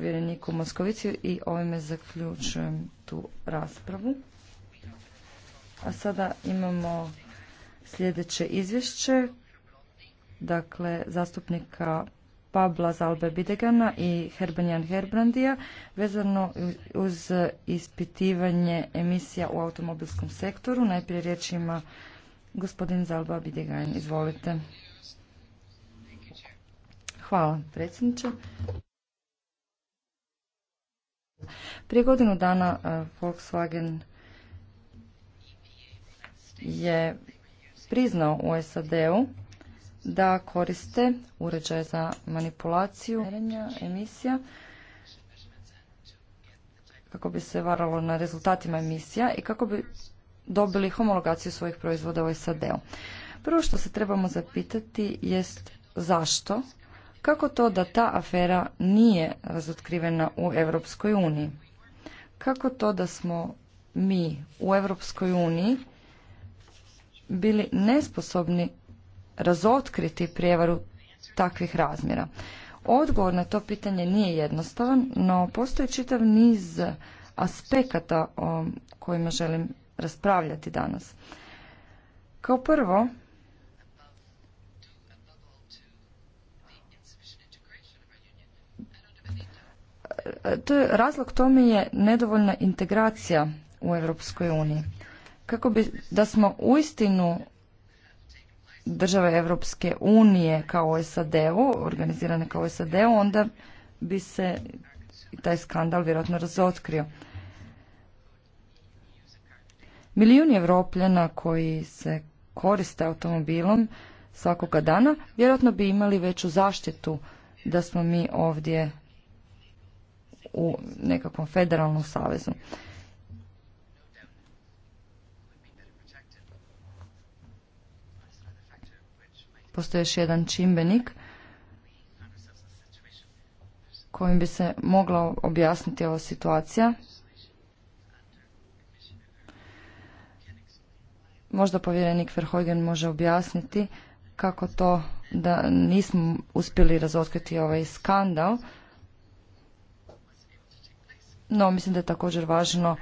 povjereniku Moskovici i ovime zaključujem tu raspravu. A sada imamo sljedeće izvješće, dakle zastupnika Pabla Zalbe Bidegana i Herbanjan Herbrandija vezano uz ispitivanje emisija u automobilskom sektoru. Najprije riječ ima gospodin Zalba Bidegan. Izvolite. Hvala predsjedniče. Prije godinu dana e, Volkswagen je priznao u SAD-u da koriste uređaje za manipulaciju emisija kako bi se varalo na rezultatima emisija i kako bi dobili homologaciju svojih proizvoda u SAD-u. Prvo što se trebamo zapitati jest zašto kako to da ta afera nije razotkrivena u Europskoj uniji? Kako to da smo mi u Europskoj uniji bili nesposobni razotkriti prijevaru takvih razmjera? Odgovor na to pitanje nije jednostavan, no postoji čitav niz aspekata o kojima želim raspravljati danas. Kao prvo, to je, razlog tome je nedovoljna integracija u Europskoj uniji. Kako bi, da smo uistinu države Europske unije kao SAD-u, organizirane kao SAD-u, onda bi se taj skandal vjerojatno razotkrio. Milijuni Evropljana koji se koriste automobilom svakoga dana, vjerojatno bi imali veću zaštitu da smo mi ovdje u nekakvom federalnom savezu. Postoji još jedan čimbenik kojim bi se mogla objasniti ova situacija. Možda povjerenik Verhojgen može objasniti kako to da nismo uspjeli razotkriti ovaj skandal no, mislim da je također važno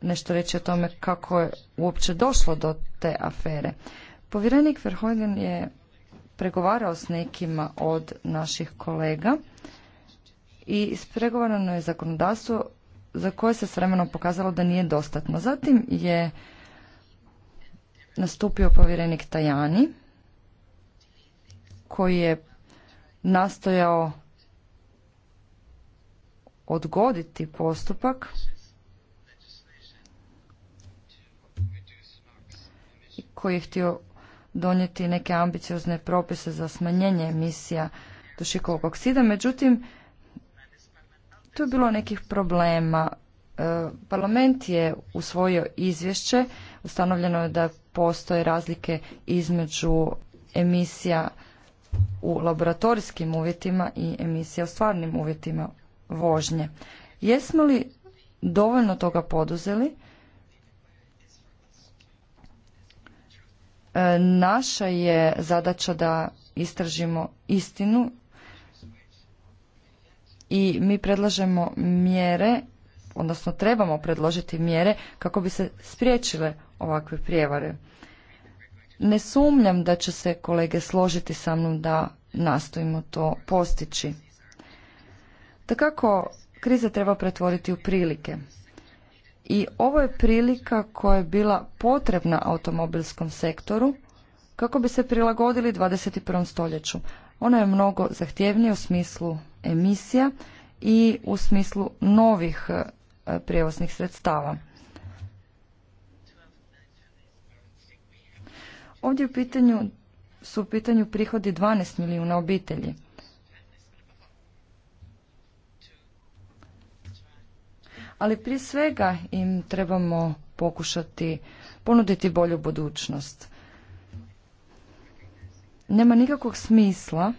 nešto reći o tome kako je uopće došlo do te afere. Povjerenik Verhoeven je pregovarao s nekima od naših kolega i ispregovarano je zakonodavstvo za koje se s vremenom pokazalo da nije dostatno. Zatim je nastupio povjerenik Tajani koji je nastojao odgoditi postupak koji je htio donijeti neke ambiciozne propise za smanjenje emisija dušikovog oksida. Međutim, tu je bilo nekih problema. E, parlament je usvojio izvješće, ustanovljeno je da postoje razlike između emisija u laboratorijskim uvjetima i emisija u stvarnim uvjetima vožnje. Jesmo li dovoljno toga poduzeli? E, naša je zadaća da istražimo istinu i mi predlažemo mjere, odnosno trebamo predložiti mjere kako bi se spriječile ovakve prijevare. Ne sumnjam da će se kolege složiti sa mnom da nastojimo to postići. Takako, krize treba pretvoriti u prilike. I ovo je prilika koja je bila potrebna automobilskom sektoru kako bi se prilagodili 21. stoljeću. Ona je mnogo zahtjevnija u smislu emisija i u smislu novih e, prijevoznih sredstava. Ovdje u pitanju su u pitanju prihodi 12 milijuna obitelji. ali prije svega im trebamo pokušati ponuditi bolju budućnost. Nema nikakvog smisla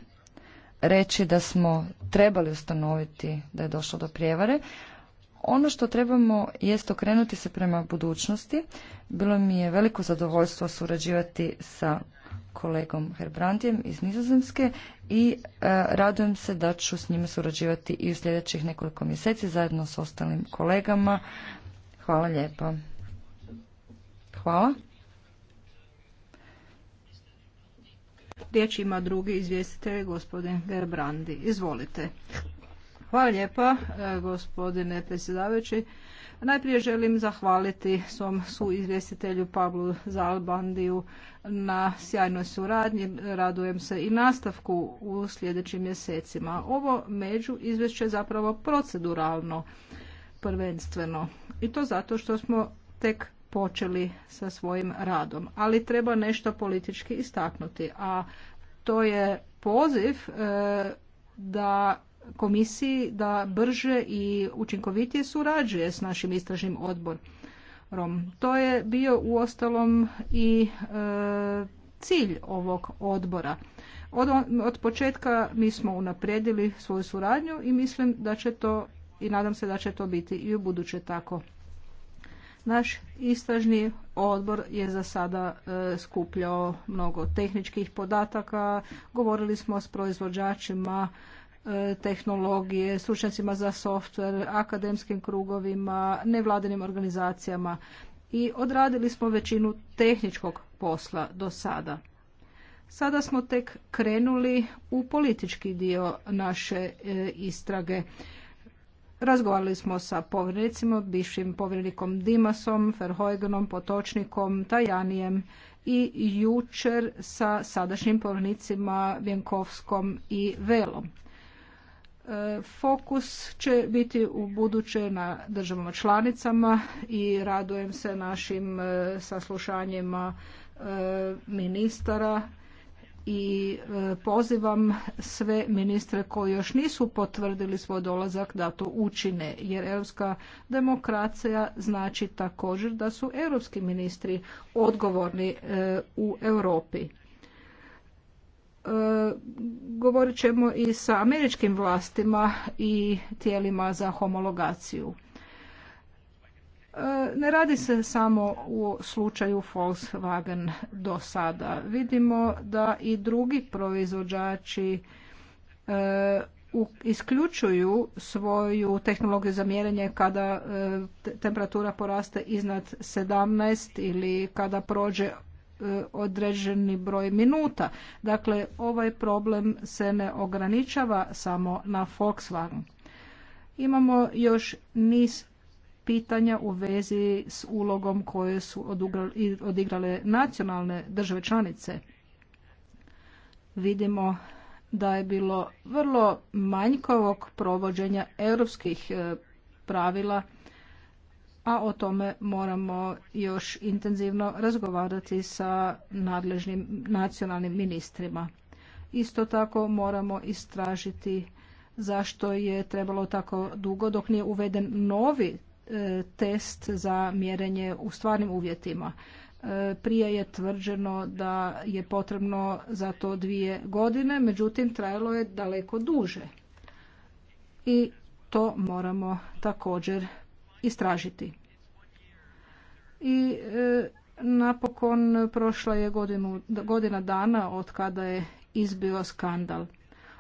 reći da smo trebali ustanoviti da je došlo do prijevare. Ono što trebamo jest okrenuti se prema budućnosti. Bilo mi je veliko zadovoljstvo surađivati sa kolegom Herbrandijem iz Nizozemske i e, radujem se da ću s njime surađivati i u sljedećih nekoliko mjeseci zajedno s ostalim kolegama. Hvala lijepa. Hvala. Riječ ima drugi izvjestitelj, gospodin Herbrandi. Izvolite. Hvala lijepa, e, gospodine predsjedavajući. Najprije želim zahvaliti svom suizvjestitelju Pavlu Zalbandiju na sjajnoj suradnji. Radujem se i nastavku u sljedećim mjesecima. Ovo među izvješće je zapravo proceduralno prvenstveno i to zato što smo tek počeli sa svojim radom. Ali treba nešto politički istaknuti, a to je poziv e, da komisiji da brže i učinkovitije surađuje s našim istražnim odborom. To je bio uostalom i e, cilj ovog odbora. Od, početka mi smo unaprijedili svoju suradnju i mislim da će to i nadam se da će to biti i u buduće tako. Naš istražni odbor je za sada e, skupljao mnogo tehničkih podataka, govorili smo s proizvođačima E, tehnologije, stručnjacima za softver, akademskim krugovima, nevladinim organizacijama i odradili smo većinu tehničkog posla do sada. Sada smo tek krenuli u politički dio naše e, istrage. Razgovarali smo sa povjerenicima, bivšim povjerenikom Dimasom, Ferhojgenom, Potočnikom, Tajanijem i jučer sa sadašnjim povjerenicima Vjenkovskom i Velom. Fokus će biti u buduće na državama članicama i radujem se našim e, saslušanjima e, ministara i e, pozivam sve ministre koji još nisu potvrdili svoj dolazak da to učine jer europska demokracija znači također da su europski ministri odgovorni u Europi. E, govorit ćemo i sa američkim vlastima i tijelima za homologaciju. E, ne radi se samo u slučaju Volkswagen do sada. Vidimo da i drugi proizvođači e, isključuju svoju tehnologiju za mjerenje kada temperatura poraste iznad 17 ili kada prođe E, određeni broj minuta. Dakle, ovaj problem se ne ograničava samo na Volkswagen. Imamo još niz pitanja u vezi s ulogom koje su odigrale nacionalne države članice. Vidimo da je bilo vrlo manjkovog provođenja europskih e, pravila a o tome moramo još intenzivno razgovarati sa nadležnim nacionalnim ministrima. Isto tako moramo istražiti zašto je trebalo tako dugo dok nije uveden novi e, test za mjerenje u stvarnim uvjetima. E, prije je tvrđeno da je potrebno za to dvije godine, međutim trajalo je daleko duže. I to moramo također istražiti. I e, napokon prošla je godina dana od kada je izbio skandal.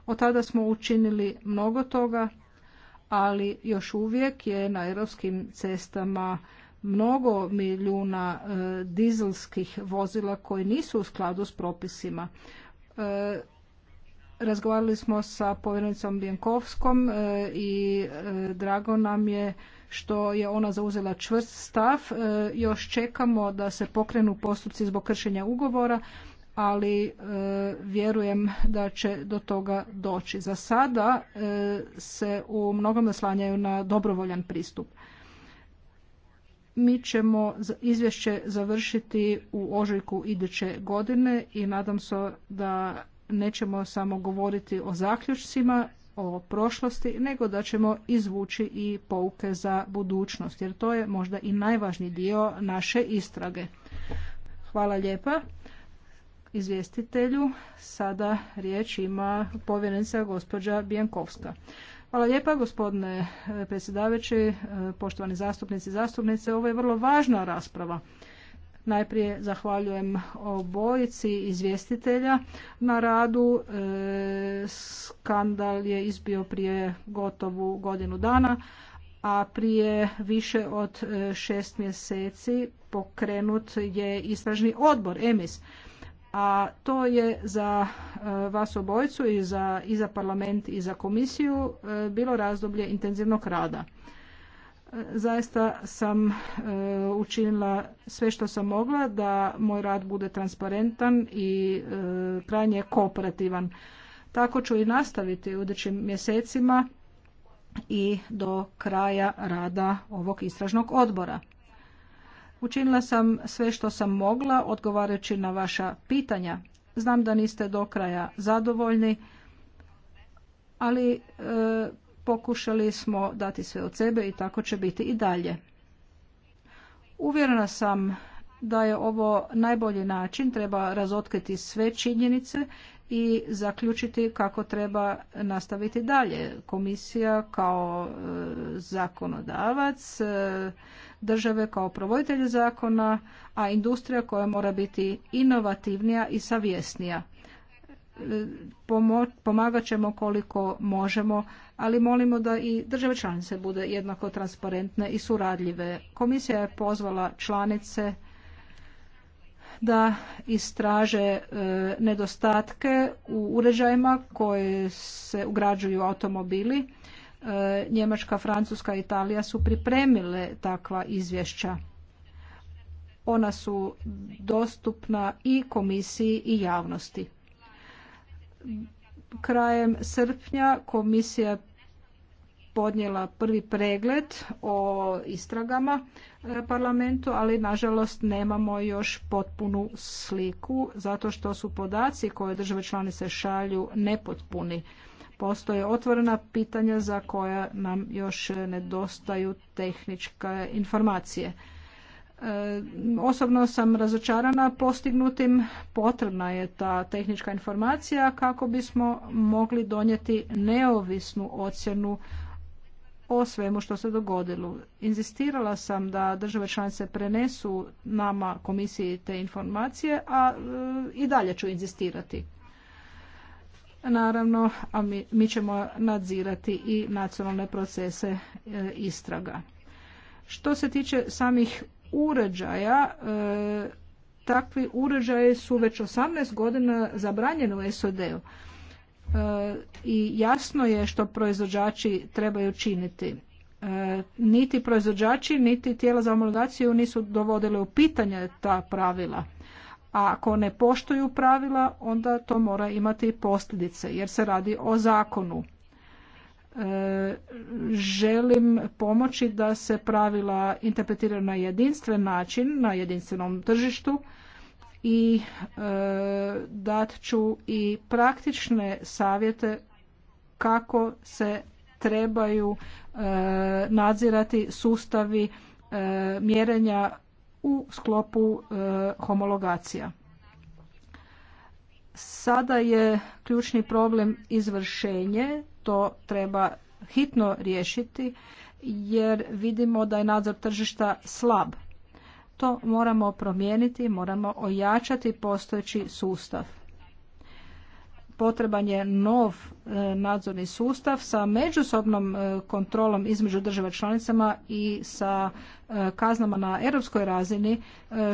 Od tada smo učinili mnogo toga, ali još uvijek je na europskim cestama mnogo milijuna e, dizelskih vozila koji nisu u skladu s propisima. E, razgovarali smo sa povjerenicom Bjenkovskom i drago nam je što je ona zauzela čvrst stav. E, još čekamo da se pokrenu postupci zbog kršenja ugovora, ali e, vjerujem da će do toga doći. Za sada e, se u mnogom naslanjaju na dobrovoljan pristup. Mi ćemo izvješće završiti u ožujku iduće godine i nadam se da nećemo samo govoriti o zaključcima o prošlosti, nego da ćemo izvući i pouke za budućnost, jer to je možda i najvažniji dio naše istrage. Hvala lijepa izvjestitelju. Sada riječ ima povjerenica gospođa Bijankovska. Hvala lijepa gospodine eh, predsjedavajući, eh, poštovani zastupnici i zastupnice. Ovo je vrlo važna rasprava Najprije zahvaljujem obojici izvjestitelja na radu. E, skandal je izbio prije gotovu godinu dana, a prije više od e, šest mjeseci pokrenut je istražni odbor EMIS. A to je za e, vas obojicu i za, i za parlament i za komisiju bilo razdoblje intenzivnog rada. Zaista sam e, učinila sve što sam mogla da moj rad bude transparentan i e, krajnje kooperativan. Tako ću i nastaviti u idućim mjesecima i do kraja rada ovog istražnog odbora. Učinila sam sve što sam mogla odgovarajući na vaša pitanja. Znam da niste do kraja zadovoljni, ali e, Pokušali smo dati sve od sebe i tako će biti i dalje. Uvjerena sam da je ovo najbolji način, treba razotkriti sve činjenice i zaključiti kako treba nastaviti dalje. Komisija kao e, zakonodavac, e, države kao provoditelj zakona, a industrija koja mora biti inovativnija i savjesnija pomagat ćemo koliko možemo, ali molimo da i države članice bude jednako transparentne i suradljive. Komisija je pozvala članice da istraže e, nedostatke u uređajima koje se ugrađuju automobili. E, Njemačka, Francuska i Italija su pripremile takva izvješća. Ona su dostupna i komisiji i javnosti krajem srpnja komisija podnijela prvi pregled o istragama e, parlamentu, ali nažalost nemamo još potpunu sliku zato što su podaci koje države članice šalju nepotpuni. Postoje otvorena pitanja za koja nam još nedostaju tehničke informacije. Osobno sam razočarana postignutim, potrebna je ta tehnička informacija kako bismo mogli donijeti neovisnu ocjenu o svemu što se dogodilo. Inzistirala sam da države članice prenesu nama komisiji te informacije, a e, i dalje ću inzistirati. Naravno, a mi, mi ćemo nadzirati i nacionalne procese e, istraga. Što se tiče samih uređaja e, takvi uređaji su već 18 godina zabranjeni u SOD-u. E, I jasno je što proizvođači trebaju činiti. E, niti proizvođači, niti tijela za homologaciju nisu dovodile u pitanje ta pravila. A ako ne poštuju pravila, onda to mora imati posljedice, jer se radi o zakonu želim pomoći da se pravila interpretiraju na jedinstven način, na jedinstvenom tržištu i e, dat ću i praktične savjete kako se trebaju e, nadzirati sustavi e, mjerenja u sklopu homologacija. Sada je ključni problem izvršenje to treba hitno riješiti jer vidimo da je nadzor tržišta slab. To moramo promijeniti, moramo ojačati postojeći sustav potreban je nov e, nadzorni sustav sa međusobnom e, kontrolom između država članicama i sa e, kaznama na europskoj razini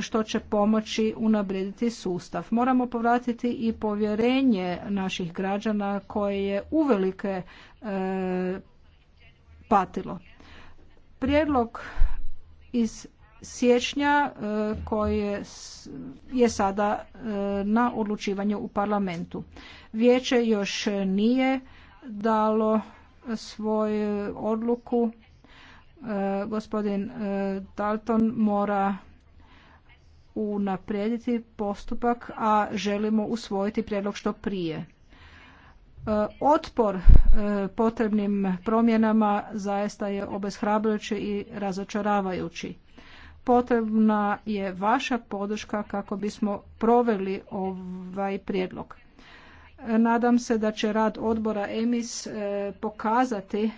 što će pomoći unabrediti sustav. Moramo povratiti i povjerenje naših građana koje je uvelike patilo. Prijedlog iz siječnja koji je sada na odlučivanju u parlamentu. Vijeće još nije dalo svoju odluku. E, gospodin e, Dalton mora unaprijediti postupak, a želimo usvojiti prijedlog što prije. E, otpor potrebnim promjenama zaista je obeshrabrujući i razočaravajući. Potrebna je vaša podrška kako bismo proveli ovaj prijedlog. Nadam se da će rad odbora EMIS e, pokazati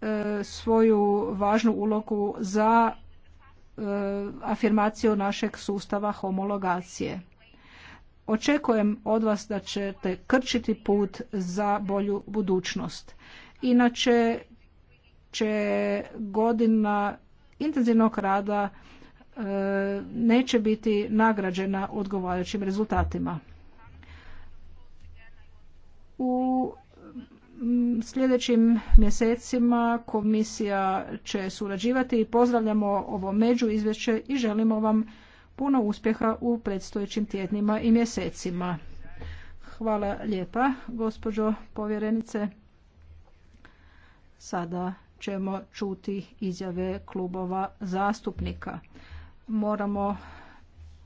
e, svoju važnu ulogu za e, afirmaciju našeg sustava homologacije. Očekujem od vas da ćete krčiti put za bolju budućnost. Inače će godina intenzivnog rada E, neće biti nagrađena odgovarajućim rezultatima. U sljedećim mjesecima komisija će surađivati i pozdravljamo ovo među izvješće i želimo vam puno uspjeha u predstojećim tjednima i mjesecima. Hvala lijepa, gospođo povjerenice. Sada ćemo čuti izjave klubova zastupnika moramo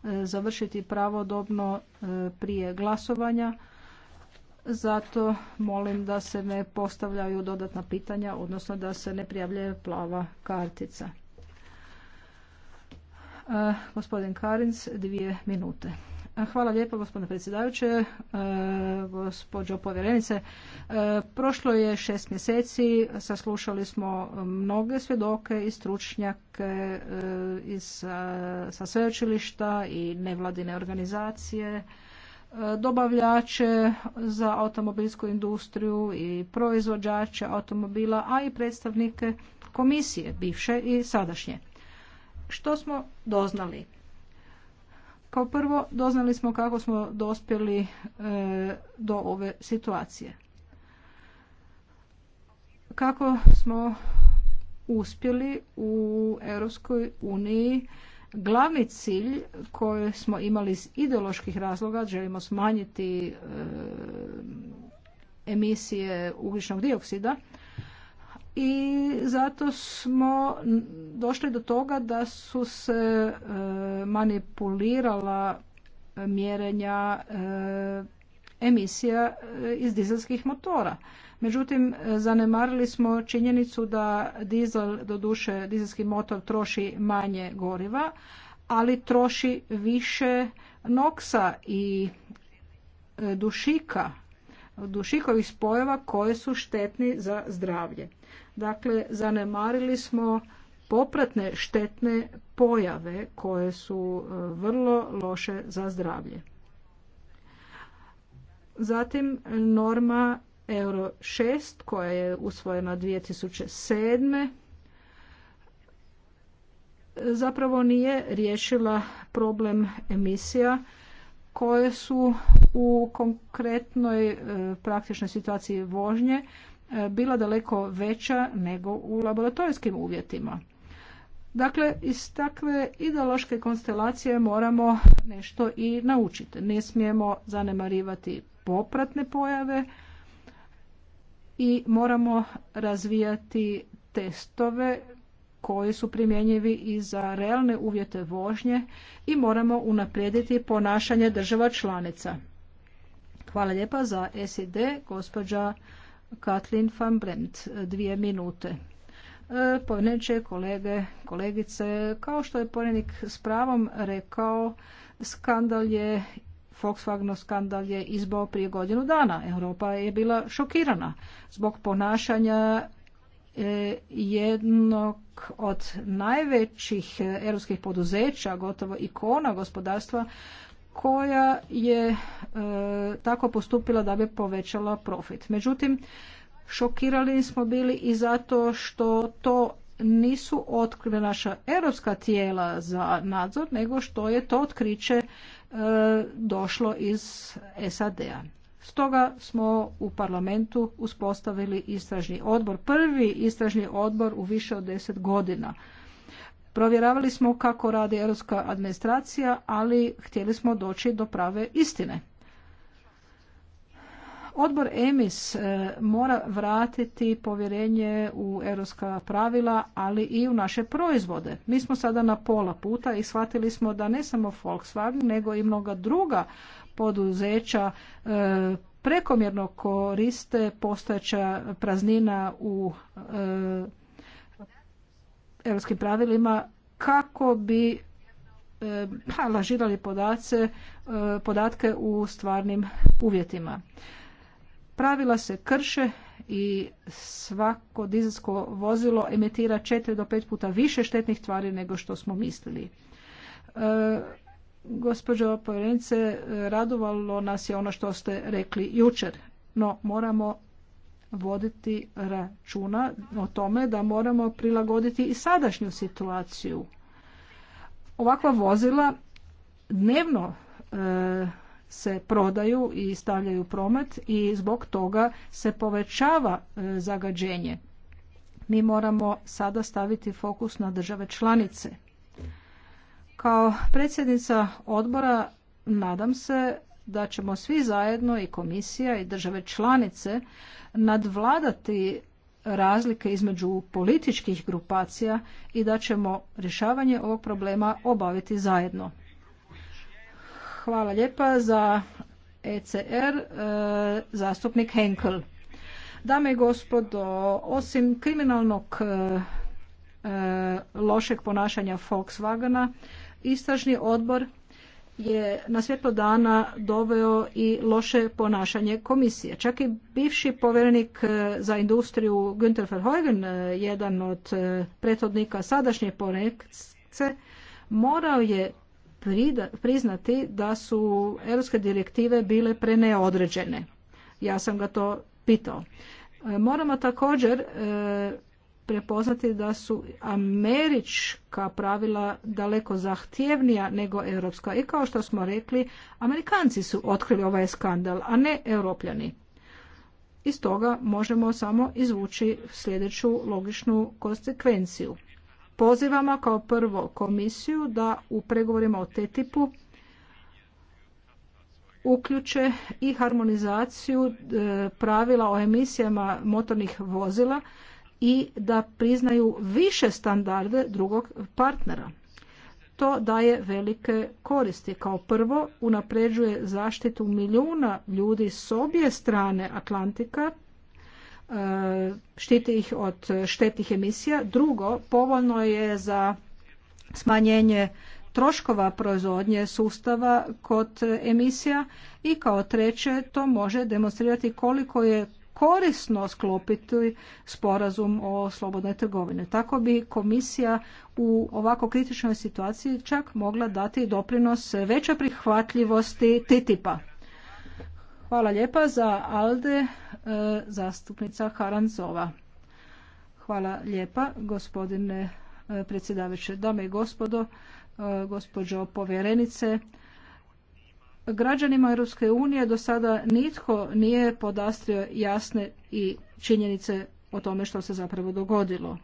e, završiti pravodobno e, prije glasovanja. Zato molim da se ne postavljaju dodatna pitanja, odnosno da se ne prijavljuje plava kartica. E, gospodin Karins, dvije minute. Hvala lijepo gospodine predsjedajuće, e, gospođo povjerenice. E, prošlo je šest mjeseci, saslušali smo mnoge svjedoke i stručnjake e, iz, sa sveučilišta i nevladine organizacije, dobavljače za automobilsku industriju i proizvođače automobila, a i predstavnike komisije, bivše i sadašnje. Što smo doznali? Kao prvo, doznali smo kako smo dospjeli e, do ove situacije. Kako smo uspjeli u Europskoj uniji glavni cilj koji smo imali iz ideoloških razloga, želimo smanjiti e, emisije ugljičnog dioksida, i zato smo došli do toga da su se e, manipulirala e, mjerenja e, emisija iz dizelskih motora. Međutim, zanemarili smo činjenicu da dizel, doduše dizelski motor troši manje goriva, ali troši više noksa i dušika dušikovih spojeva koje su štetni za zdravlje. Dakle, zanemarili smo popratne štetne pojave koje su e, vrlo loše za zdravlje. Zatim norma Euro 6 koja je usvojena 2007. zapravo nije riješila problem emisija koje su u konkretnoj e, praktičnoj situaciji vožnje e, bila daleko veća nego u laboratorijskim uvjetima. Dakle, iz takve ideološke konstelacije moramo nešto i naučiti. Ne smijemo zanemarivati popratne pojave i moramo razvijati testove koji su primjenjivi i za realne uvjete vožnje i moramo unaprijediti ponašanje država članica. Hvala lijepa za SID, gospođa Katlin van Brent, dvije minute. E, Povjerenče, kolege, kolegice, kao što je povjerenik s pravom rekao, skandal je, Volkswagen skandal je izbao prije godinu dana. Europa je bila šokirana zbog ponašanja E, jednog od najvećih europskih poduzeća, gotovo ikona gospodarstva, koja je e, tako postupila da bi povećala profit. Međutim, šokirali smo bili i zato što to nisu otkrile naša europska tijela za nadzor, nego što je to otkriće e, došlo iz SAD-a. Stoga smo u parlamentu uspostavili istražni odbor, prvi istražni odbor u više od deset godina. Provjeravali smo kako radi europska administracija, ali htjeli smo doći do prave istine. Odbor EMIS e, mora vratiti povjerenje u europska pravila, ali i u naše proizvode. Mi smo sada na pola puta i shvatili smo da ne samo Volkswagen, nego i mnoga druga poduzeća e, prekomjerno koriste postojeća praznina u e, europskim pravilima kako bi e, pa, lažirali podace, podatke u stvarnim uvjetima. Pravila se krše i svako dizelsko vozilo emitira četiri do pet puta više štetnih tvari nego što smo mislili. Gospođo povjerenice, radovalo nas je ono što ste rekli jučer, no moramo voditi računa o tome da moramo prilagoditi i sadašnju situaciju. Ovakva vozila dnevno e, se prodaju i stavljaju promet i zbog toga se povećava e, zagađenje. Mi moramo sada staviti fokus na države članice kao predsjednica odbora nadam se da ćemo svi zajedno i komisija i države članice nadvladati razlike između političkih grupacija i da ćemo rješavanje ovog problema obaviti zajedno. Hvala lijepa za ECR, e, zastupnik Henkel. Dame i gospodo, osim kriminalnog e, e, lošeg ponašanja Volkswagena, Istražni odbor je na svjetlo dana doveo i loše ponašanje komisije. Čak i bivši povjerenik e, za industriju Günther Verheugen, e, jedan od e, prethodnika sadašnje ponekce, morao je priznati da su europske direktive bile preneodređene. Ja sam ga to pitao. Moramo također prepoznati da su američka pravila daleko zahtjevnija nego europska. I kao što smo rekli, amerikanci su otkrili ovaj skandal, a ne europljani. Iz toga možemo samo izvući sljedeću logičnu konsekvenciju. Pozivamo kao prvo komisiju da u pregovorima o TTIP-u uključe i harmonizaciju e, pravila o emisijama motornih vozila i da priznaju više standarde drugog partnera. To daje velike koristi. Kao prvo, unapređuje zaštitu milijuna ljudi s obje strane Atlantika, e, štiti ih od štetnih emisija. Drugo, povoljno je za smanjenje troškova proizvodnje sustava kod emisija i kao treće to može demonstrirati koliko je korisno sklopiti sporazum o slobodnoj trgovini. Tako bi komisija u ovako kritičnoj situaciji čak mogla dati doprinos većoj prihvatljivosti TTIP-a. Hvala lijepa za Alde, e, zastupnica Haranzova. Hvala lijepa gospodine e, predsjedavajući. Dame i gospodo, e, gospođo povjerenice, građanima Europske unije do sada nitko nije podastrio jasne i činjenice o tome što se zapravo dogodilo.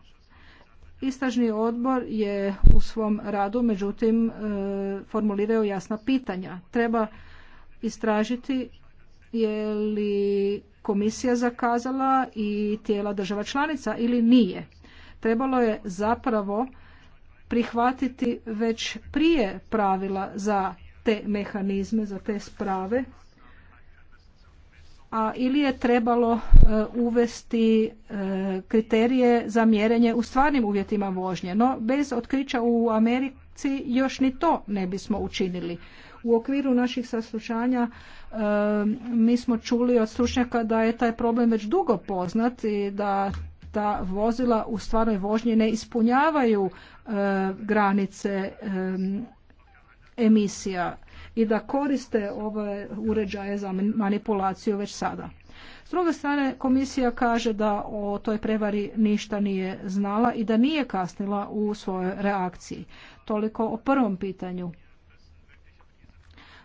Istražni odbor je u svom radu međutim e, formulirao jasna pitanja. Treba istražiti je li komisija zakazala i tijela država članica ili nije. Trebalo je zapravo prihvatiti već prije pravila za te mehanizme, za te sprave, a ili je trebalo e, uvesti e, kriterije za mjerenje u stvarnim uvjetima vožnje. No, bez otkrića u Americi još ni to ne bismo učinili. U okviru naših saslušanja e, mi smo čuli od stručnjaka da je taj problem već dugo poznat i da ta vozila u stvarnoj vožnji ne ispunjavaju granice emisija i da koriste ove uređaje za manipulaciju već sada. S druge strane, komisija kaže da o toj prevari ništa nije znala i da nije kasnila u svojoj reakciji. Toliko o prvom pitanju.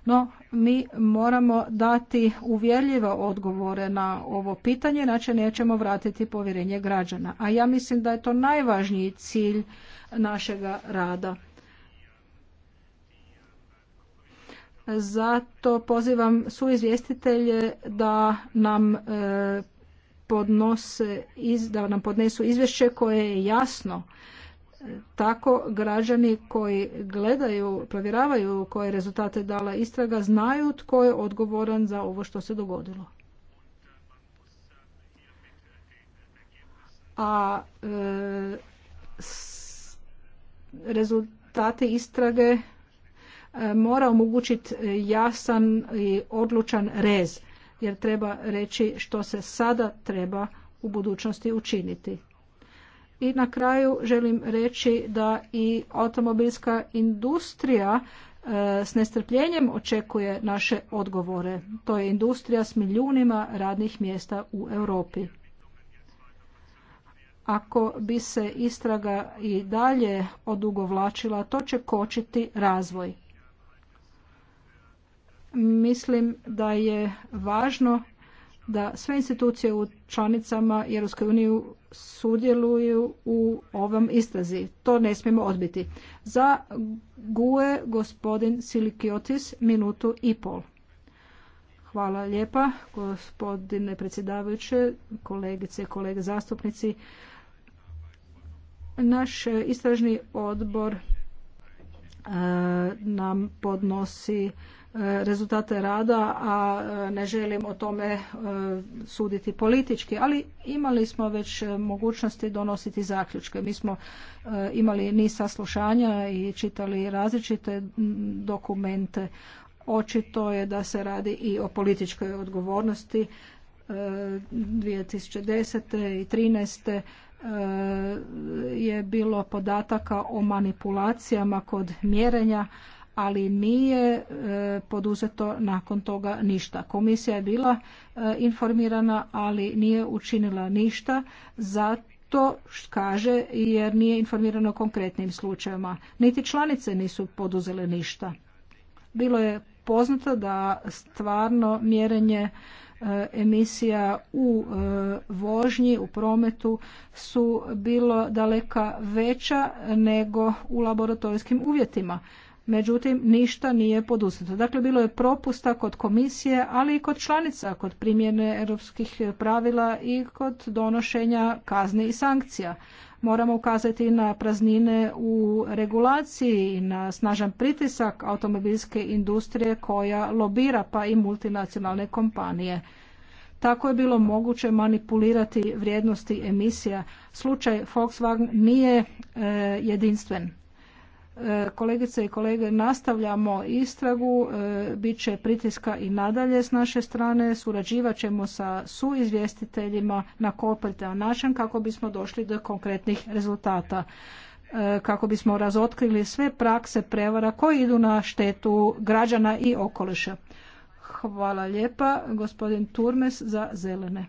No, mi moramo dati uvjerljive odgovore na ovo pitanje, inače nećemo vratiti povjerenje građana. A ja mislim da je to najvažniji cilj našega rada Zato pozivam izvjestitelje da nam e, podnose, da nam podnesu izvješće koje je jasno tako građani koji gledaju, provjeravaju koje rezultate dala istraga, znaju tko je odgovoran za ovo što se dogodilo. A e, rezultate istrage mora omogućiti e, jasan i odlučan rez jer treba reći što se sada treba u budućnosti učiniti. I na kraju želim reći da i automobilska industrija e, s nestrpljenjem očekuje naše odgovore. To je industrija s milijunima radnih mjesta u Europi. Ako bi se istraga i dalje odugovlačila, to će kočiti razvoj. Mislim da je važno da sve institucije u članicama Europske unije sudjeluju u ovom istrazi. To ne smijemo odbiti. Za guje, gospodin Silikiotis minutu i pol. Hvala lijepa gospodine predsjedavajuće, kolegice i kolege zastupnici. Naš istražni odbor e, nam podnosi E, rezultate rada, a e, ne želim o tome e, suditi politički, ali imali smo već mogućnosti donositi zaključke. Mi smo imali niz saslušanja i čitali različite dokumente. Očito je da se radi i o političkoj odgovornosti 2010. i 2013 je bilo podataka o manipulacijama kod mjerenja ali nije e, poduzeto nakon toga ništa. Komisija je bila e, informirana, ali nije učinila ništa zato kaže jer nije informirano o konkretnim slučajevima. Niti članice nisu poduzele ništa. Bilo je poznato da stvarno mjerenje e, emisija u vožnji, u prometu su bilo daleka veća nego u laboratorijskim uvjetima međutim ništa nije poduzeto. Dakle, bilo je propusta kod komisije, ali i kod članica, kod primjene europskih pravila i kod donošenja kazni i sankcija. Moramo ukazati na praznine u regulaciji, na snažan pritisak automobilske industrije koja lobira pa i multinacionalne kompanije. Tako je bilo moguće manipulirati vrijednosti emisija. Slučaj Volkswagen nije e, jedinstven. Kolegice i kolege, nastavljamo istragu, e, bit će pritiska i nadalje s naše strane, surađivat ćemo sa suizvjestiteljima na kooperativan način kako bismo došli do konkretnih rezultata e, kako bismo razotkrili sve prakse prevara koje idu na štetu građana i okoliša. Hvala lijepa, gospodin Turmes za zelene.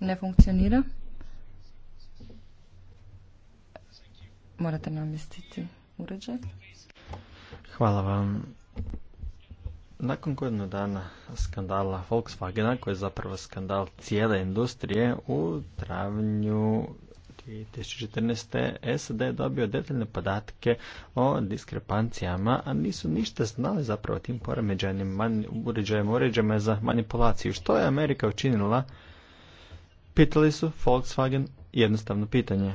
Ne funkcionira. Morate namjestiti uređaj. Hvala vam. Nakon godinu dana skandala Volkswagena, koji je zapravo skandal cijele industrije, u travnju 2014. SAD je dobio detaljne podatke o diskrepancijama, a nisu ništa znali zapravo tim poremeđajnim uređajima, uređajima za manipulaciju. Što je Amerika učinila? Pitali su Volkswagen jednostavno pitanje.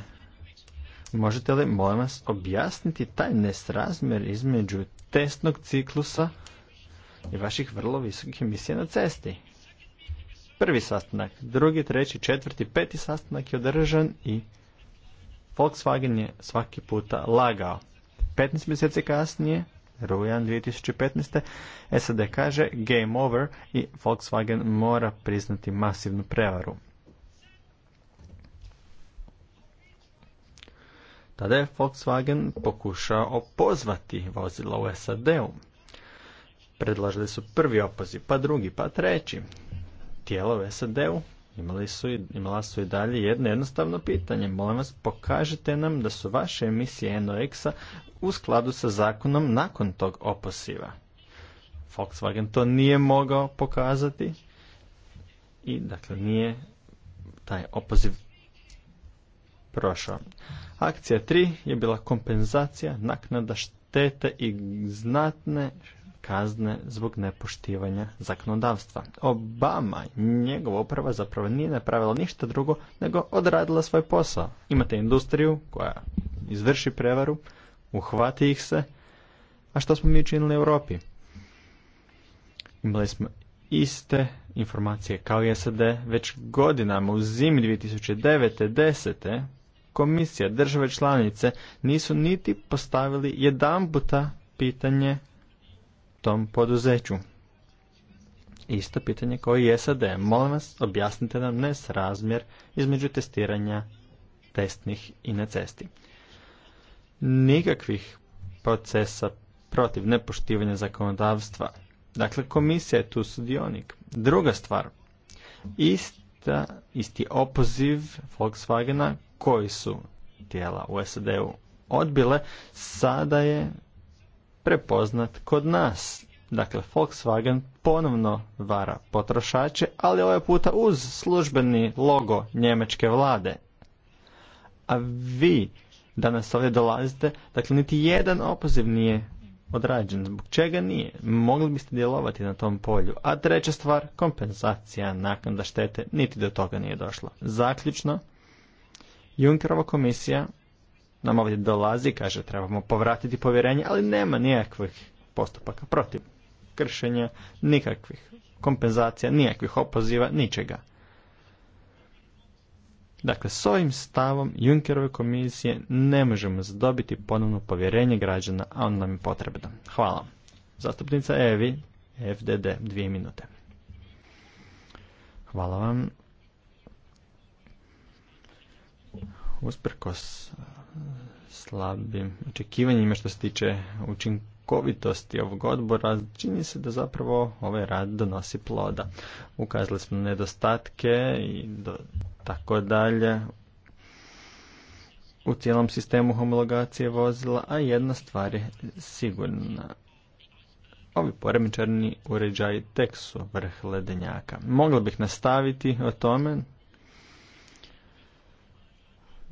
Možete li, molim vas, objasniti taj nesrazmjer između testnog ciklusa i vaših vrlo visokih emisija na cesti? Prvi sastanak, drugi, treći, četvrti, peti sastanak je održan i Volkswagen je svaki puta lagao. 15 mjeseci kasnije, rujan 2015. SAD kaže game over i Volkswagen mora priznati masivnu prevaru. Tada je Volkswagen pokušao opozvati vozila u SAD-u. Predlažili su prvi opoziv, pa drugi, pa treći. Tijelo u SAD-u su, imala su i dalje jedno jednostavno pitanje. Molim vas, pokažite nam da su vaše emisije NOx-a u skladu sa zakonom nakon tog opoziva. Volkswagen to nije mogao pokazati i dakle nije taj opoziv prošao. Akcija 3 je bila kompenzacija naknada štete i znatne kazne zbog nepoštivanja zakonodavstva. Obama, njegova uprava zapravo nije napravila ništa drugo nego odradila svoj posao. Imate industriju koja izvrši prevaru, uhvati ih se, a što smo mi učinili u Europi? Imali smo iste informacije kao i SAD već godinama u zimi 2009. 10 komisija, države članice nisu niti postavili jedanputa pitanje tom poduzeću. Isto pitanje koji je SAD. Molim vas, objasnite nam razmjer između testiranja testnih i na cesti. Nikakvih procesa protiv nepoštivanja zakonodavstva. Dakle, komisija je tu sudionik. Druga stvar, ista, isti opoziv Volkswagena koji su tijela u SAD-u odbile, sada je prepoznat kod nas. Dakle, Volkswagen ponovno vara potrošače, ali ovaj puta uz službeni logo njemačke vlade. A vi danas ovdje dolazite, dakle niti jedan opoziv nije odrađen. Zbog čega nije? Mogli biste djelovati na tom polju. A treća stvar, kompenzacija da štete, niti do toga nije došlo. Zaključno, Junkerova komisija nam ovdje dolazi i kaže trebamo povratiti povjerenje, ali nema nijakvih postupaka protiv kršenja, nikakvih kompenzacija, nijakvih opoziva, ničega. Dakle, s ovim stavom Junkerove komisije ne možemo zadobiti ponovno povjerenje građana, a on nam je potrebno. Hvala. Zastupnica Evi, FDD, dvije minute. Hvala vam. usprkos eh, slabim očekivanjima što se tiče učinkovitosti ovog odbora, čini se da zapravo ovaj rad donosi ploda. Ukazali smo nedostatke i do, tako dalje u cijelom sistemu homologacije vozila, a jedna stvar je sigurna. Ovi poremičarni uređaji tek su vrh ledenjaka. Mogla bih nastaviti o tome,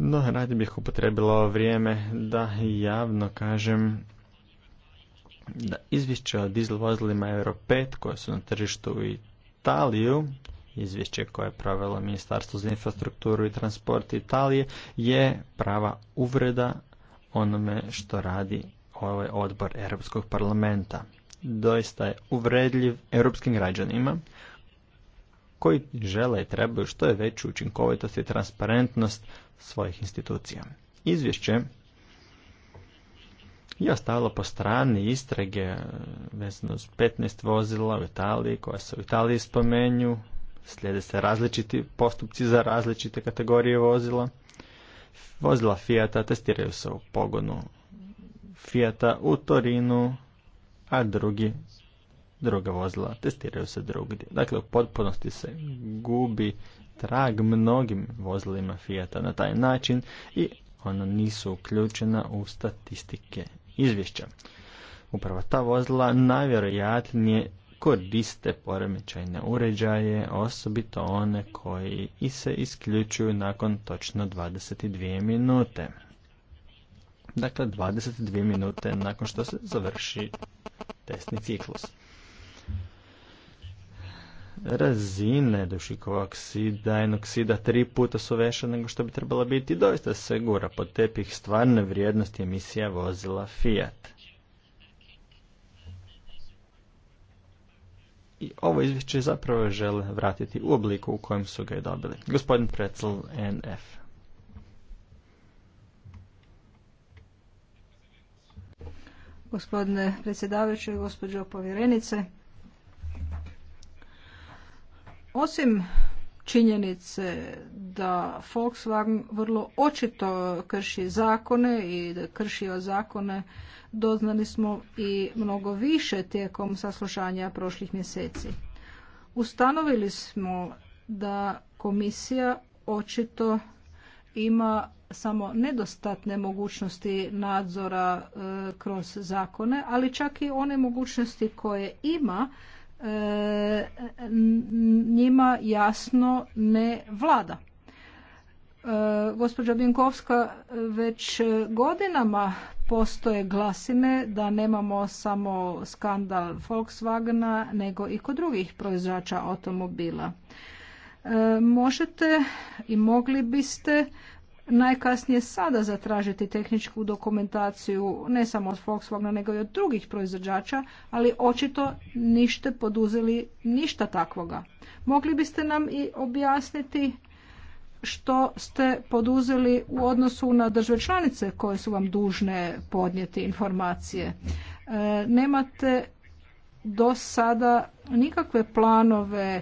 no, radi bih upotrebila ovo vrijeme da javno kažem da izvješće o dizel vozilima Euro 5 koje su na tržištu u Italiju, izvješće koje je provelo Ministarstvo za infrastrukturu i transport Italije, je prava uvreda onome što radi ovaj odbor Europskog parlamenta. Doista je uvredljiv europskim građanima koji žele i trebaju što je veću učinkovitost i transparentnost svojih institucija. Izvješće je ostalo po strani istrage vezano uz 15 vozila u Italiji koja se u Italiji spomenju. Slijede se različiti postupci za različite kategorije vozila. Vozila fiata testiraju se u pogonu Fijata u Torinu, a drugi druga vozila testiraju se drugdje. Dakle, u potpunosti se gubi trag mnogim vozilima Fijata na taj način i ona nisu uključena u statistike izvješća. Upravo ta vozila najvjerojatnije koriste poremećajne uređaje, osobito one koji i se isključuju nakon točno 22 minute. Dakle, 22 minute nakon što se završi testni ciklus razine dušikova oksida, enoksida tri puta su veše nego što bi trebala biti. Doista se gura pod tepih stvarne vrijednosti emisija vozila Fiat. I ovo izvješće zapravo žele vratiti u obliku u kojem su ga i dobili. Gospodin Pretzel, NF. Gospodine predsjedavajući, gospođo povjerenice, osim činjenice da Volkswagen vrlo očito krši zakone i da kršio zakone doznali smo i mnogo više tijekom saslušanja prošlih mjeseci. Ustanovili smo da komisija očito ima samo nedostatne mogućnosti nadzora e, kroz zakone, ali čak i one mogućnosti koje ima E, njima jasno ne vlada. E, gospođa Binkovska, već godinama postoje glasine da nemamo samo skandal Volkswagena, nego i kod drugih proizvođača automobila. E, možete i mogli biste najkasnije sada zatražiti tehničku dokumentaciju ne samo od Volkswagena nego i od drugih proizvođača, ali očito nište poduzeli ništa takvoga. Mogli biste nam i objasniti što ste poduzeli u odnosu na države članice koje su vam dužne podnijeti informacije. E, nemate do sada nikakve planove e,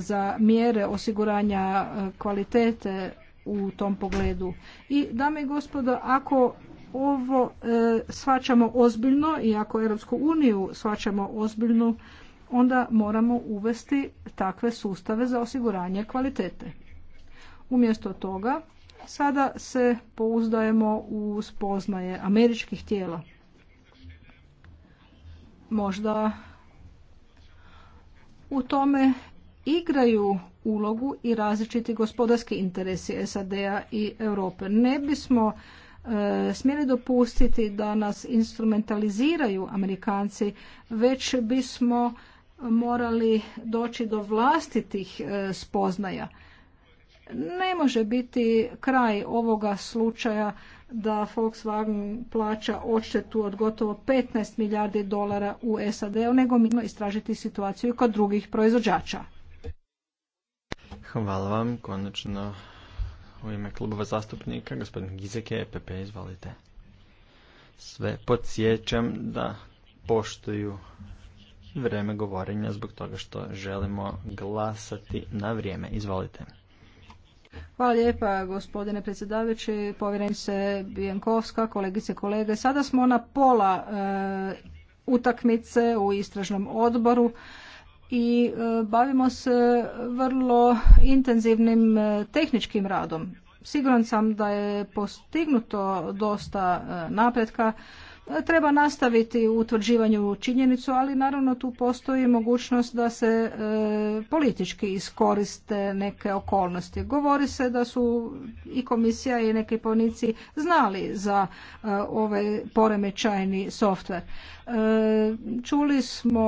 za mjere osiguranja e, kvalitete u tom pogledu. I dame i gospodo, ako ovo e, svačamo ozbiljno i ako Europsku uniju svačamo ozbiljno, onda moramo uvesti takve sustave za osiguranje kvalitete. Umjesto toga, sada se pouzdajemo u spoznaje američkih tijela. Možda u tome igraju ulogu i različiti gospodarski interesi SAD-a i Europe. Ne bismo e, smjeli dopustiti da nas instrumentaliziraju Amerikanci, već bismo morali doći do vlastitih e, spoznaja. Ne može biti kraj ovoga slučaja da Volkswagen plaća odštetu od gotovo 15 milijardi dolara u SAD-u, nego mi istražiti situaciju kod drugih proizvođača. Hvala vam. Konačno u ime klubova zastupnika, gospodin Gizeke, EPP, izvalite. Sve podsjećam da poštuju vreme govorenja zbog toga što želimo glasati na vrijeme. Izvolite. Hvala lijepa gospodine predsjedavajući, povjerenice Bijankovska, kolegice i kolege. Sada smo na pola e, utakmice u istražnom odboru i e, bavimo se vrlo intenzivnim e, tehničkim radom. Siguran sam da je postignuto dosta e, napretka treba nastaviti u utvrđivanju činjenicu, ali naravno tu postoji mogućnost da se e, politički iskoriste neke okolnosti. Govori se da su i komisija i neki ponici znali za e, ovaj poremećajni softver. E, čuli smo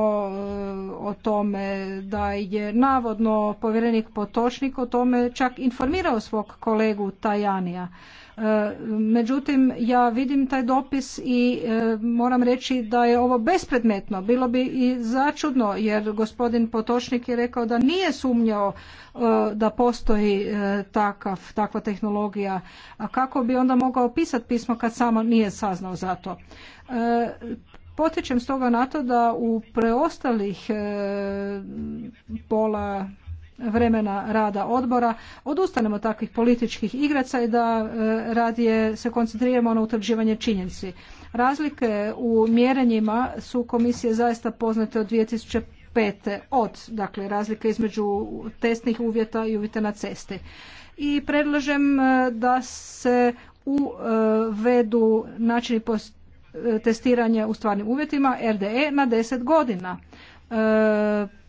o tome da je navodno povjerenik Potočnik o tome čak informirao svog kolegu Tajanija. Međutim, ja vidim taj dopis i e, moram reći da je ovo bespredmetno. Bilo bi i začudno jer gospodin Potočnik je rekao da nije sumnjao e, da postoji e, takav, takva tehnologija. A kako bi onda mogao pisati pismo kad samo nije saznao za to? Potičem stoga na to da u preostalih pola vremena rada odbora, odustanemo takvih političkih igraca i da e, radije se koncentriramo na utvrđivanje činjenici. Razlike u mjerenjima su komisije zaista poznate od 2005. od, dakle, razlike između testnih uvjeta i uvjeta na cesti. I predlažem e, da se uvedu načini e, testiranja u stvarnim uvjetima RDE na 10 godina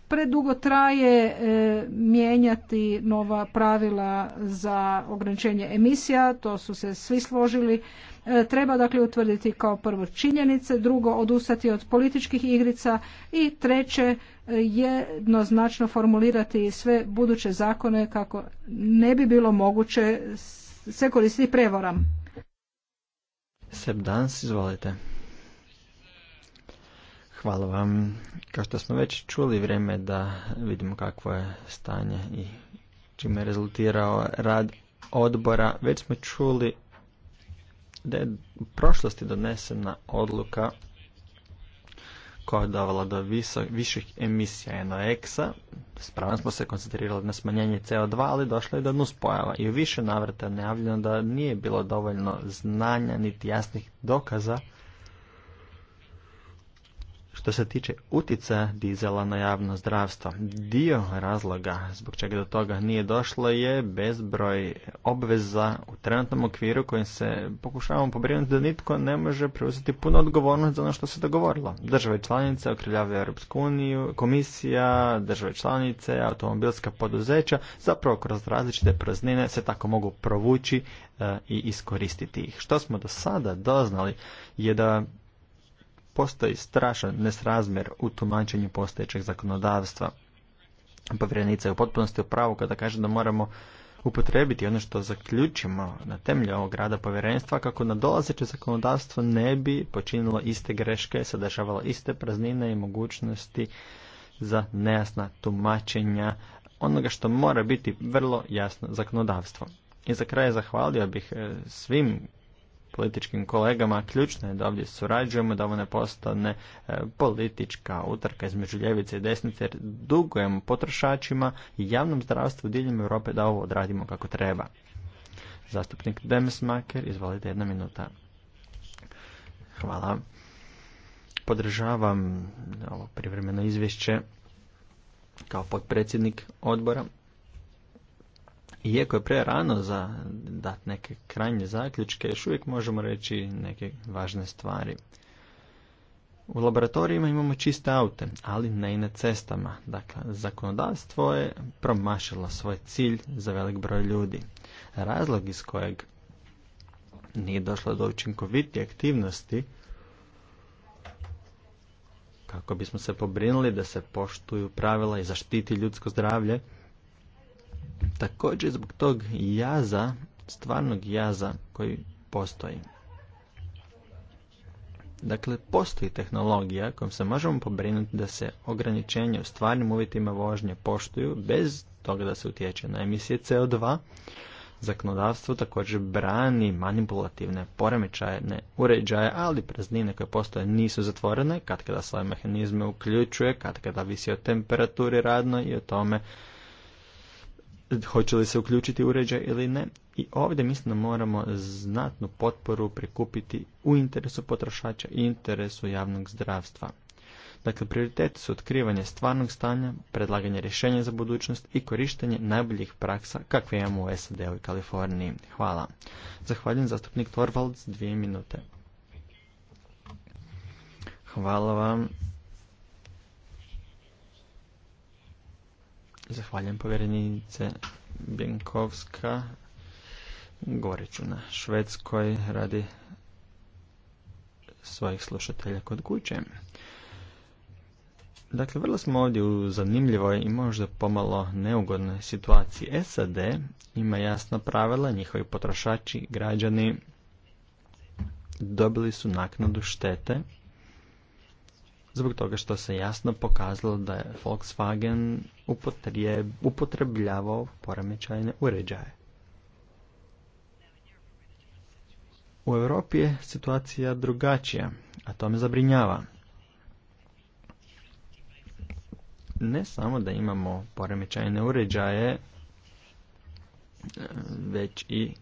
predugo traje e, mijenjati nova pravila za ograničenje emisija, to su se svi složili. E, treba dakle utvrditi kao prvo činjenice, drugo odustati od političkih igrica i treće e, jednoznačno formulirati sve buduće zakone kako ne bi bilo moguće se koristiti prevoram. Sebdans, izvolite. Hvala vam. Kao što smo već čuli vrijeme da vidimo kakvo je stanje i čime je rezultirao rad odbora. Već smo čuli da je u prošlosti donesena odluka koja je davala do viših emisija NOx-a. Spravno smo se koncentrirali na smanjenje CO2, ali došlo je do nuspojava. I u više navrata najavljeno da nije bilo dovoljno znanja niti jasnih dokaza što se tiče utjecaja dizela na javno zdravstvo, dio razloga zbog čega do toga nije došlo je bezbroj obveza u trenutnom okviru kojim se pokušavamo pobrinuti da nitko ne može preuzeti puno odgovornost za ono što se dogovorilo. Države članice, okriljavaju Europsku uniju, komisija, države članice, automobilska poduzeća, zapravo kroz različite praznine se tako mogu provući e, i iskoristiti ih. Što smo do sada doznali je da postoji strašan nesrazmjer u tumačenju postojećeg zakonodavstva. Povjerenica je u potpunosti u pravu kada kaže da moramo upotrebiti ono što zaključimo na temelju ovog rada povjerenstva kako nadolazeće zakonodavstvo ne bi počinilo iste greške, sadržavalo iste praznine i mogućnosti za nejasna tumačenja onoga što mora biti vrlo jasno zakonodavstvo. I za kraj zahvalio bih e, svim političkim kolegama. Ključno je da ovdje surađujemo, da ovo ne postane e, politička utrka između ljevice i desnice, jer dugujemo potrošačima i javnom zdravstvu diljem Europe da ovo odradimo kako treba. Zastupnik Demesmaker, izvolite jedna minuta. Hvala. Podržavam ovo privremeno izvješće kao potpredsjednik odbora iako je pre rano za dat neke krajnje zaključke, još uvijek možemo reći neke važne stvari. U laboratorijima imamo čiste aute, ali ne i na cestama. Dakle, zakonodavstvo je promašilo svoj cilj za velik broj ljudi. Razlog iz kojeg nije došlo do učinkovite aktivnosti kako bismo se pobrinuli da se poštuju pravila i zaštiti ljudsko zdravlje, također zbog tog jaza, stvarnog jaza koji postoji. Dakle, postoji tehnologija kojom se možemo pobrinuti da se ograničenje u stvarnim uvjetima vožnje poštuju bez toga da se utječe na emisije CO2. Zakonodavstvo također brani manipulativne poremećajne uređaje, ali praznine koje postoje nisu zatvorene, kad kada svoje mehanizme uključuje, kad kada visi o temperaturi radno i o tome hoće li se uključiti uređaj ili ne. I ovdje mislim da moramo znatnu potporu prikupiti u interesu potrošača i interesu javnog zdravstva. Dakle, prioriteti su otkrivanje stvarnog stanja, predlaganje rješenja za budućnost i korištenje najboljih praksa kakve imamo u SAD-u i Kaliforniji. Hvala. Zahvaljujem zastupnik Torvalds, dvije minute. Hvala vam. Zahvaljujem povjerenice Bjenkovska. Govorit ću na Švedskoj radi svojih slušatelja kod kuće. Dakle, vrlo smo ovdje u zanimljivoj i možda pomalo neugodnoj situaciji. SAD ima jasna pravila, njihovi potrošači, građani dobili su naknadu štete zbog toga što se jasno pokazalo da je Volkswagen upotrebljavao poremećajne uređaje. U Europi je situacija drugačija, a to me zabrinjava. Ne samo da imamo poremećajne uređaje, e, već i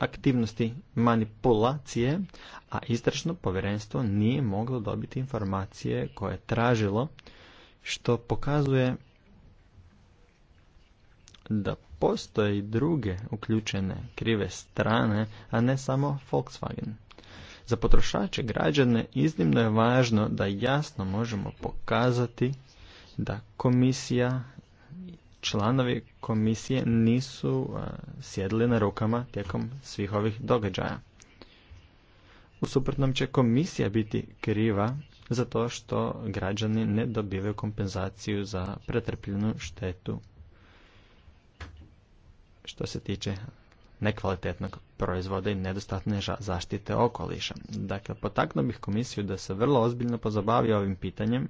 aktivnosti manipulacije, a istražno povjerenstvo nije moglo dobiti informacije koje je tražilo, što pokazuje da postoje i druge uključene krive strane, a ne samo Volkswagen. Za potrošače građane iznimno je važno da jasno možemo pokazati da komisija članovi komisije nisu uh, sjedili na rukama tijekom svih ovih događaja. U suprotnom će komisija biti kriva za to što građani ne dobivaju kompenzaciju za pretrpljenu štetu što se tiče nekvalitetnog proizvoda i nedostatne zaštite okoliša. Dakle, potaknuo bih komisiju da se vrlo ozbiljno pozabavi ovim pitanjem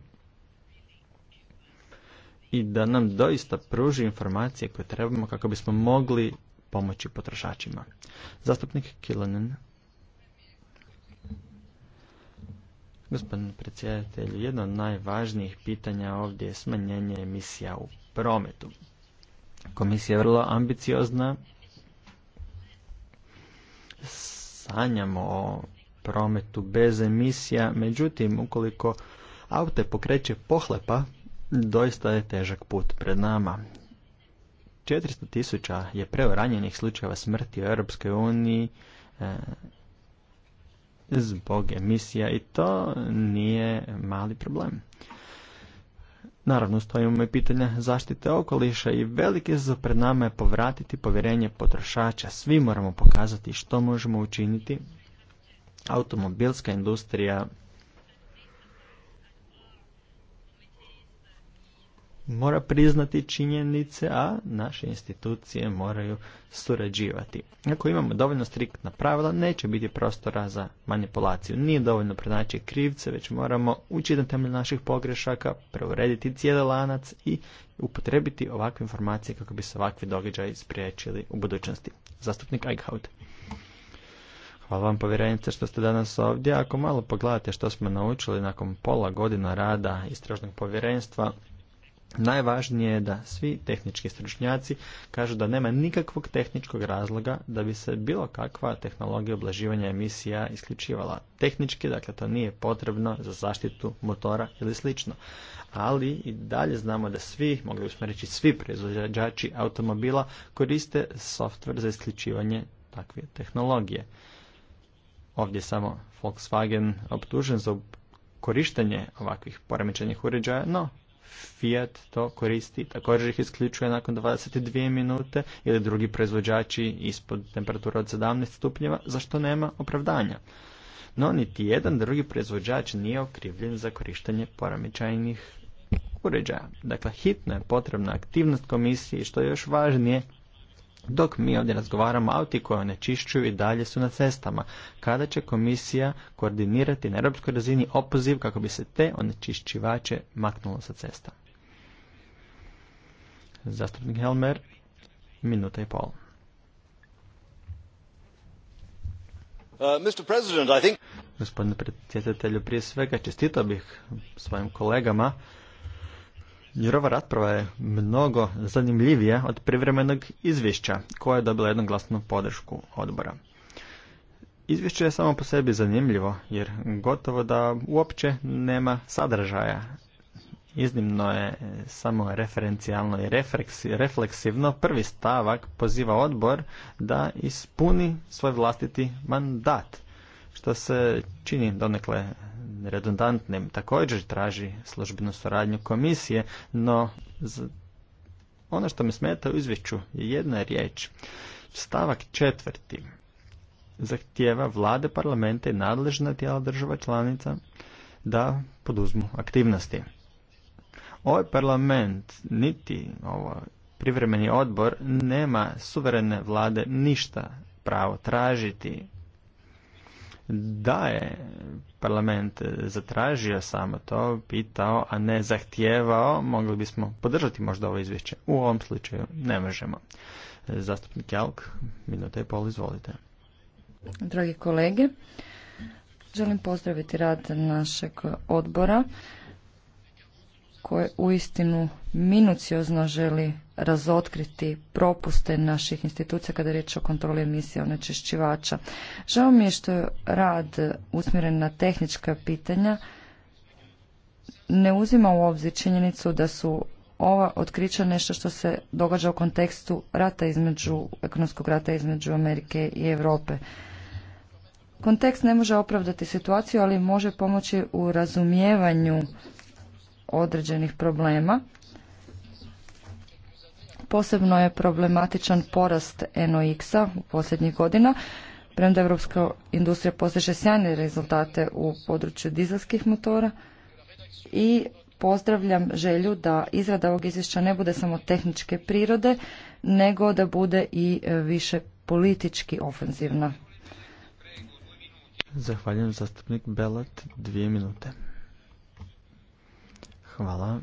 i da nam doista pruži informacije koje trebamo kako bismo mogli pomoći potrošačima. Zastupnik Kilonen. Gospodin predsjedatelj, jedno od najvažnijih pitanja ovdje je smanjenje emisija u prometu. Komisija je vrlo ambiciozna. Sanjamo o prometu bez emisija, međutim, ukoliko aute pokreće pohlepa, Doista je težak put pred nama. 400 tisuća je preoranjenih slučajeva smrti u Europskoj uniji e, zbog emisija i to nije mali problem. Naravno, stojimo i pitanje zaštite okoliša i velike za pred nama je povratiti povjerenje potrošača. Svi moramo pokazati što možemo učiniti. Automobilska industrija mora priznati činjenice, a naše institucije moraju surađivati. Ako imamo dovoljno striktna pravila, neće biti prostora za manipulaciju. Nije dovoljno pronaći krivce, već moramo ući na temelju naših pogrešaka, preurediti cijeli lanac i upotrebiti ovakve informacije kako bi se ovakvi događaji spriječili u budućnosti. Zastupnik Eichhout. Hvala vam povjerenice što ste danas ovdje. Ako malo pogledate što smo naučili nakon pola godina rada istražnog povjerenstva, Najvažnije je da svi tehnički stručnjaci kažu da nema nikakvog tehničkog razloga da bi se bilo kakva tehnologija oblaživanja emisija isključivala. Tehnički, dakle, to nije potrebno za zaštitu motora ili slično. Ali i dalje znamo da svi, mogli bismo reći svi proizvođači automobila koriste softver za isključivanje takve tehnologije. Ovdje je samo Volkswagen optužen za korištenje ovakvih poremećenih uređaja, no Fiat to koristi, također ih isključuje nakon 22 minute ili drugi proizvođači ispod temperature od 17 stupnjeva, zašto nema opravdanja. No niti jedan drugi proizvođač nije okrivljen za korištenje poramećajnih uređaja. Dakle, hitno je potrebna aktivnost komisije i što je još važnije, dok mi ovdje razgovaramo, auti koje onečišćuju i dalje su na cestama. Kada će komisija koordinirati na europskoj razini opoziv kako bi se te onečišćivače maknulo sa cesta? Zastupnik Helmer, minuta i pol. Uh, Gospodine predsjedatelju, prije svega čestitao bih svojim kolegama jer ova rasprava je mnogo zanimljivija od privremenog izvješća koja je dobila jednoglasnu podršku odbora. Izvješće je samo po sebi zanimljivo jer gotovo da uopće nema sadržaja. Iznimno je samo referencijalno i refleksivno. Prvi stavak poziva odbor da ispuni svoj vlastiti mandat što se čini donekle redundantnim. Također traži službenu suradnju komisije, no ono što me smeta u izvješću je jedna riječ. Stavak četvrti zahtjeva vlade, parlamente i nadležna tijela država članica da poduzmu aktivnosti. Ovaj parlament, niti ovo privremeni odbor, nema suverene vlade ništa pravo tražiti da je parlament zatražio samo to, pitao, a ne zahtijevao, mogli bismo podržati možda ovo izvješće. U ovom slučaju ne možemo. Zastupnik Jalk, minuta i pol, izvolite. Dragi kolege, želim pozdraviti rad našeg odbora koje uistinu minuciozno želi razotkriti propuste naših institucija kada je riječ o kontroli emisije onečišćivača. Žao mi je što je rad usmjeren na tehnička pitanja ne uzima u obzir činjenicu da su ova otkrića nešto što se događa u kontekstu rata između, ekonomskog rata između Amerike i Europe. Kontekst ne može opravdati situaciju, ali može pomoći u razumijevanju određenih problema. Posebno je problematičan porast NOX-a u posljednjih godina, premda europska industrija postiže sjajne rezultate u području dizelskih motora i pozdravljam želju da izrada ovog izvješća ne bude samo tehničke prirode, nego da bude i e, više politički ofenzivna. Zahvaljujem zastupnik Belat, dvije minute. Hvala.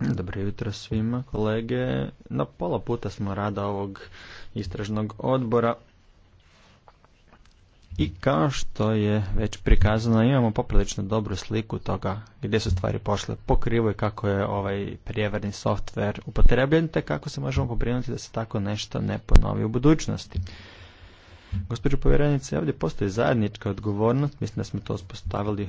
Dobro jutro svima kolege. Na pola puta smo rada ovog istražnog odbora. I kao što je već prikazano, imamo poprilično dobru sliku toga gdje su stvari pošle po i kako je ovaj prijevarni software upotrebljen, te kako se možemo pobrinuti da se tako nešto ne ponovi u budućnosti. Gospođo povjerenice, ovdje postoji zajednička odgovornost, mislim da smo to uspostavili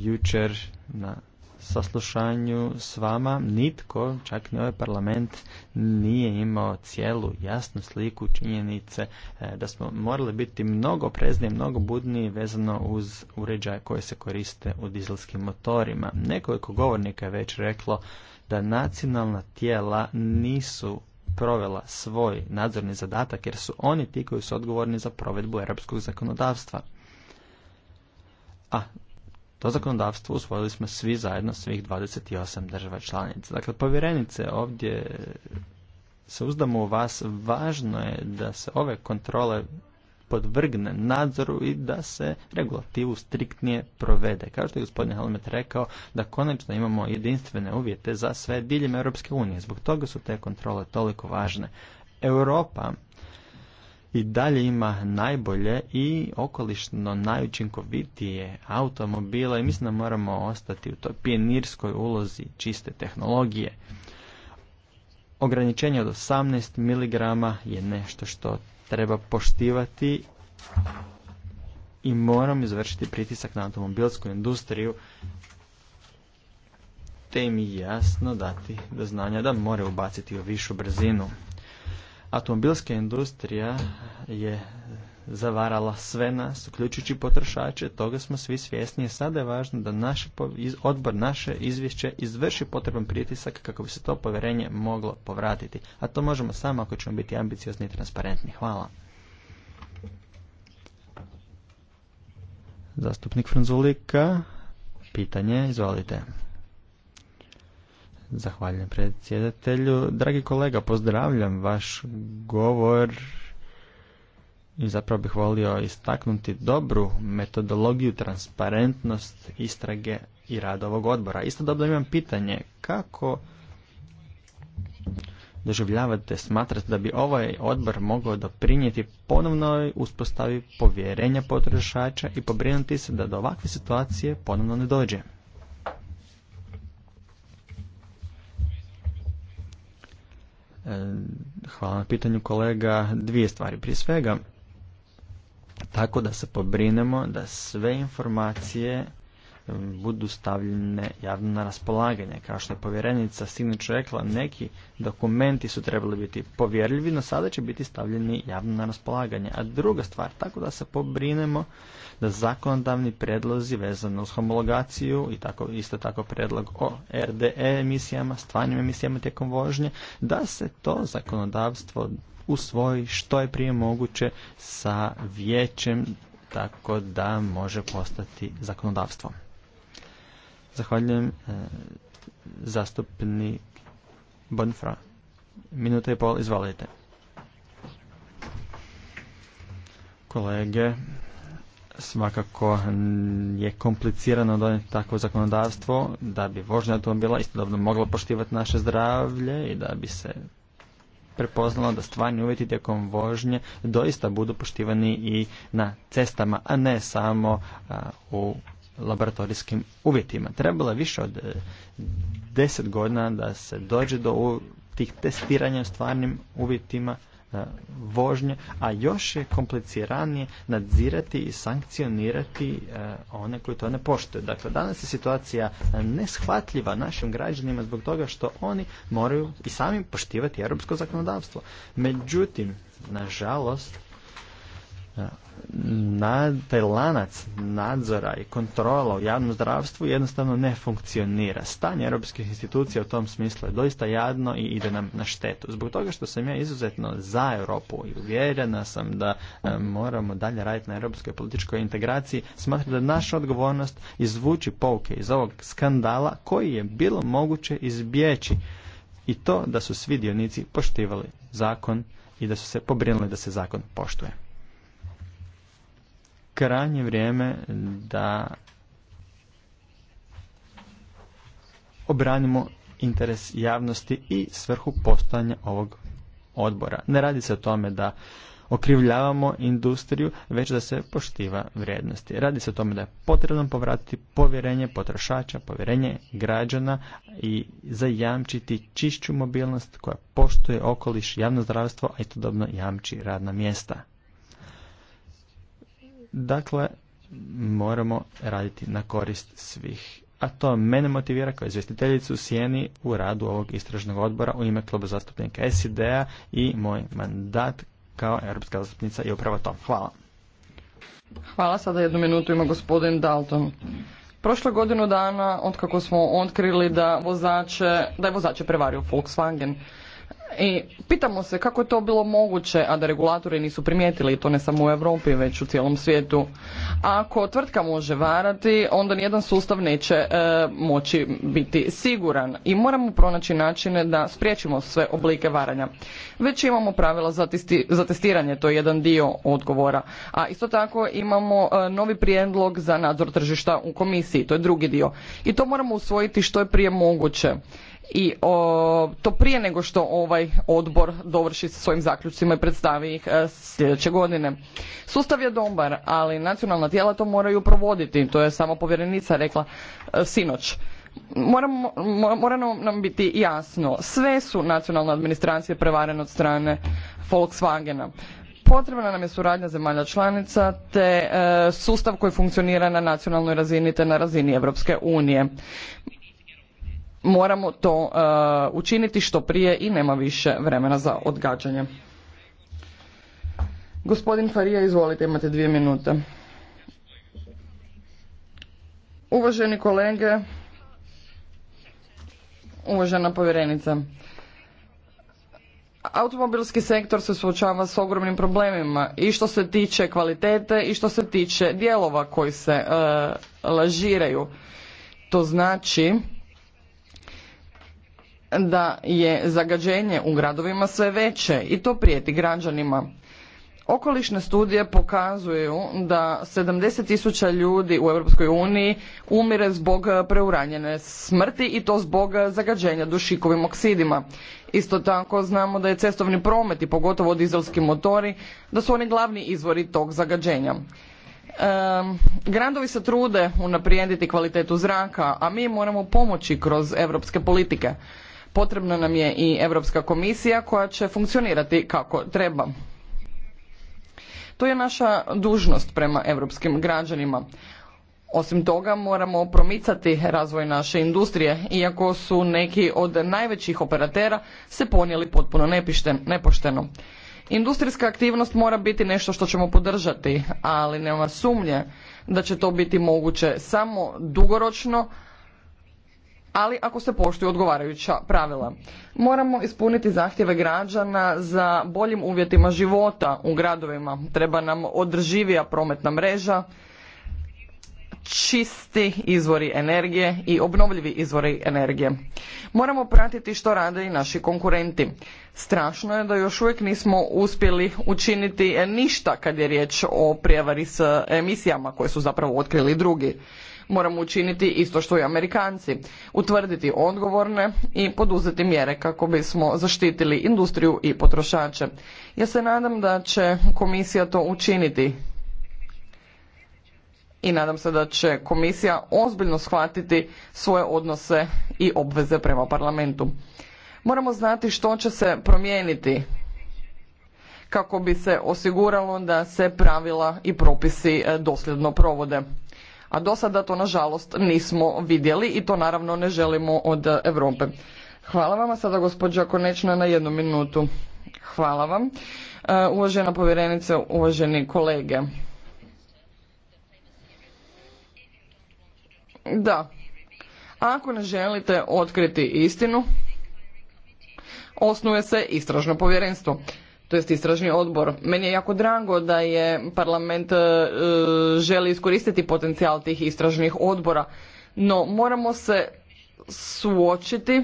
jučer na saslušanju s vama nitko, čak ni ovaj parlament, nije imao cijelu jasnu sliku činjenice e, da smo morali biti mnogo prezni, mnogo budniji vezano uz uređaje koje se koriste u dizelskim motorima. Nekoliko govornika je već reklo da nacionalna tijela nisu provela svoj nadzorni zadatak jer su oni ti koji su odgovorni za provedbu europskog zakonodavstva. A to zakonodavstvo usvojili smo svi zajedno, svih 28 država članica. Dakle, povjerenice, ovdje se uzdamo u vas, važno je da se ove kontrole podvrgne nadzoru i da se regulativu striktnije provede. Kao što je gospodin Helmet rekao, da konačno imamo jedinstvene uvjete za sve diljem Europske unije. Zbog toga su te kontrole toliko važne. Europa i dalje ima najbolje i okolišno najučinkovitije automobile i mislim da moramo ostati u toj pionirskoj ulozi čiste tehnologije. Ograničenje od 18 mg je nešto što treba poštivati i moram izvršiti pritisak na automobilsku industriju te mi jasno dati do znanja da more ubaciti u višu brzinu. Automobilska industrija je zavarala sve nas, uključujući potrošače, toga smo svi svjesni. i Sada je važno da naš odbor, naše izvješće izvrši potreban pritisak kako bi se to povjerenje moglo povratiti. A to možemo samo ako ćemo biti ambiciozni i transparentni. Hvala. Zastupnik Franzulika, pitanje, izvolite. Zahvaljujem predsjedatelju. Dragi kolega, pozdravljam vaš govor i zapravo bih volio istaknuti dobru metodologiju, transparentnost istrage i rad ovog odbora. dobro imam pitanje kako doživljavate, smatrate da bi ovaj odbor mogao doprinijeti ponovnoj uspostavi povjerenja potrošača i pobrinuti se da do ovakve situacije ponovno ne dođe. E, hvala na pitanju kolega. Dvije stvari. Prije svega, tako da se pobrinemo da sve informacije budu stavljene javno na raspolaganje. Kao što je povjerenica Sinić rekla, neki dokumenti su trebali biti povjerljivi, no sada će biti stavljeni javno na raspolaganje. A druga stvar, tako da se pobrinemo da zakonodavni predlozi vezani uz homologaciju i tako, isto tako predlog o RDE emisijama, stvarnim emisijama tijekom vožnje, da se to zakonodavstvo usvoji što je prije moguće sa vijećem tako da može postati zakonodavstvo. Zahvaljujem e, zastupnik Bonfra. Minuta i pol, izvalite. Kolege, svakako je komplicirano donijeti takvo zakonodavstvo da bi vožnja automobila istodobno mogla poštivati naše zdravlje i da bi se prepoznala da stvarni uvjeti tijekom vožnje doista budu poštivani i na cestama, a ne samo u laboratorijskim uvjetima. Trebalo je više od e, deset godina da se dođe do tih testiranja u stvarnim uvjetima E, vožnje, a još je kompliciranije nadzirati i sankcionirati e, one koji to ne poštuju. Dakle, danas je situacija neshvatljiva našim građanima zbog toga što oni moraju i sami poštivati europsko zakonodavstvo. Međutim, nažalost, na taj lanac nadzora i kontrola u javnom zdravstvu jednostavno ne funkcionira. Stanje europskih institucija u tom smislu je doista jadno i ide nam na štetu. Zbog toga što sam ja izuzetno za Europu i uvjerena sam da e, moramo dalje raditi na europskoj političkoj integraciji, smatram da naša odgovornost izvući pouke iz ovog skandala koji je bilo moguće izbjeći i to da su svi dionici poštivali zakon i da su se pobrinuli da se zakon poštuje krajnje vrijeme da obranimo interes javnosti i svrhu postojanja ovog odbora. Ne radi se o tome da okrivljavamo industriju, već da se poštiva vrijednosti. Radi se o tome da je potrebno povratiti povjerenje potrošača, povjerenje građana i zajamčiti čišću mobilnost koja poštuje okoliš, javno zdravstvo, a istodobno jamči radna mjesta. Dakle, moramo raditi na korist svih. A to mene motivira kao izvjestiteljicu Sjeni u radu ovog istražnog odbora u ime kluba zastupnika SID-a i moj mandat kao europska zastupnica i upravo to. Hvala. Hvala. Sada jednu minutu ima gospodin Dalton. Prošle godinu dana, otkako smo otkrili da, vozače, da je vozače prevario Volkswagen, i pitamo se kako je to bilo moguće, a da regulatori nisu primijetili i to ne samo u Europi već u cijelom svijetu. ako tvrtka može varati, onda nijedan sustav neće e, moći biti siguran i moramo pronaći načine da spriječimo sve oblike varanja. Već imamo pravila za, za testiranje, to je jedan dio odgovora. A isto tako imamo e, novi prijedlog za nadzor tržišta u komisiji, to je drugi dio. I to moramo usvojiti što je prije moguće i to prije nego što ovaj odbor dovrši sa svojim zaključcima i predstavi ih e, sljedeće godine. Sustav je dobar, ali nacionalna tijela to moraju provoditi, to je samo povjerenica rekla e, sinoć. Moramo, mora nam biti jasno, sve su nacionalne administracije prevarene od strane Volkswagena. Potrebna nam je suradnja zemalja članica te e, sustav koji funkcionira na nacionalnoj razini te na razini Europske unije moramo to e, učiniti što prije i nema više vremena za odgađanje. Gospodin Farija, izvolite, imate dvije minute. Uvaženi kolege, uvažena povjerenica, automobilski sektor se suočava s ogromnim problemima i što se tiče kvalitete i što se tiče dijelova koji se e, lažiraju. To znači da je zagađenje u gradovima sve veće i to prijeti građanima. Okolišne studije pokazuju da 70 tisuća ljudi u Europskoj uniji umire zbog preuranjene smrti i to zbog zagađenja dušikovim oksidima. Isto tako znamo da je cestovni promet i pogotovo dizelski motori, da su oni glavni izvori tog zagađenja. Gradovi se trude unaprijediti kvalitetu zraka, a mi moramo pomoći kroz europske politike. Potrebna nam je i Europska komisija koja će funkcionirati kako treba. To je naša dužnost prema europskim građanima. Osim toga moramo promicati razvoj naše industrije, iako su neki od najvećih operatera se ponijeli potpuno nepošteno. Industrijska aktivnost mora biti nešto što ćemo podržati, ali nema sumnje da će to biti moguće samo dugoročno ali ako se poštuju odgovarajuća pravila. Moramo ispuniti zahtjeve građana za boljim uvjetima života u gradovima. Treba nam održivija prometna mreža, čisti izvori energije i obnovljivi izvori energije. Moramo pratiti što rade i naši konkurenti. Strašno je da još uvijek nismo uspjeli učiniti ništa kad je riječ o prijevari s emisijama koje su zapravo otkrili drugi. Moramo učiniti isto što i Amerikanci, utvrditi odgovorne i poduzeti mjere kako bismo zaštitili industriju i potrošače. Ja se nadam da će komisija to učiniti i nadam se da će komisija ozbiljno shvatiti svoje odnose i obveze prema parlamentu. Moramo znati što će se promijeniti kako bi se osiguralo da se pravila i propisi e, dosljedno provode a do sada to nažalost nismo vidjeli i to naravno ne želimo od Europe. Hvala vam, sada gospođa Konečna na jednu minutu. Hvala vam. E, uvažena povjerenice, uvaženi kolege. Da, ako ne želite otkriti istinu, osnuje se istražno povjerenstvo to jest istražni odbor. Meni je jako drago da je parlament e, želi iskoristiti potencijal tih istražnih odbora, no moramo se suočiti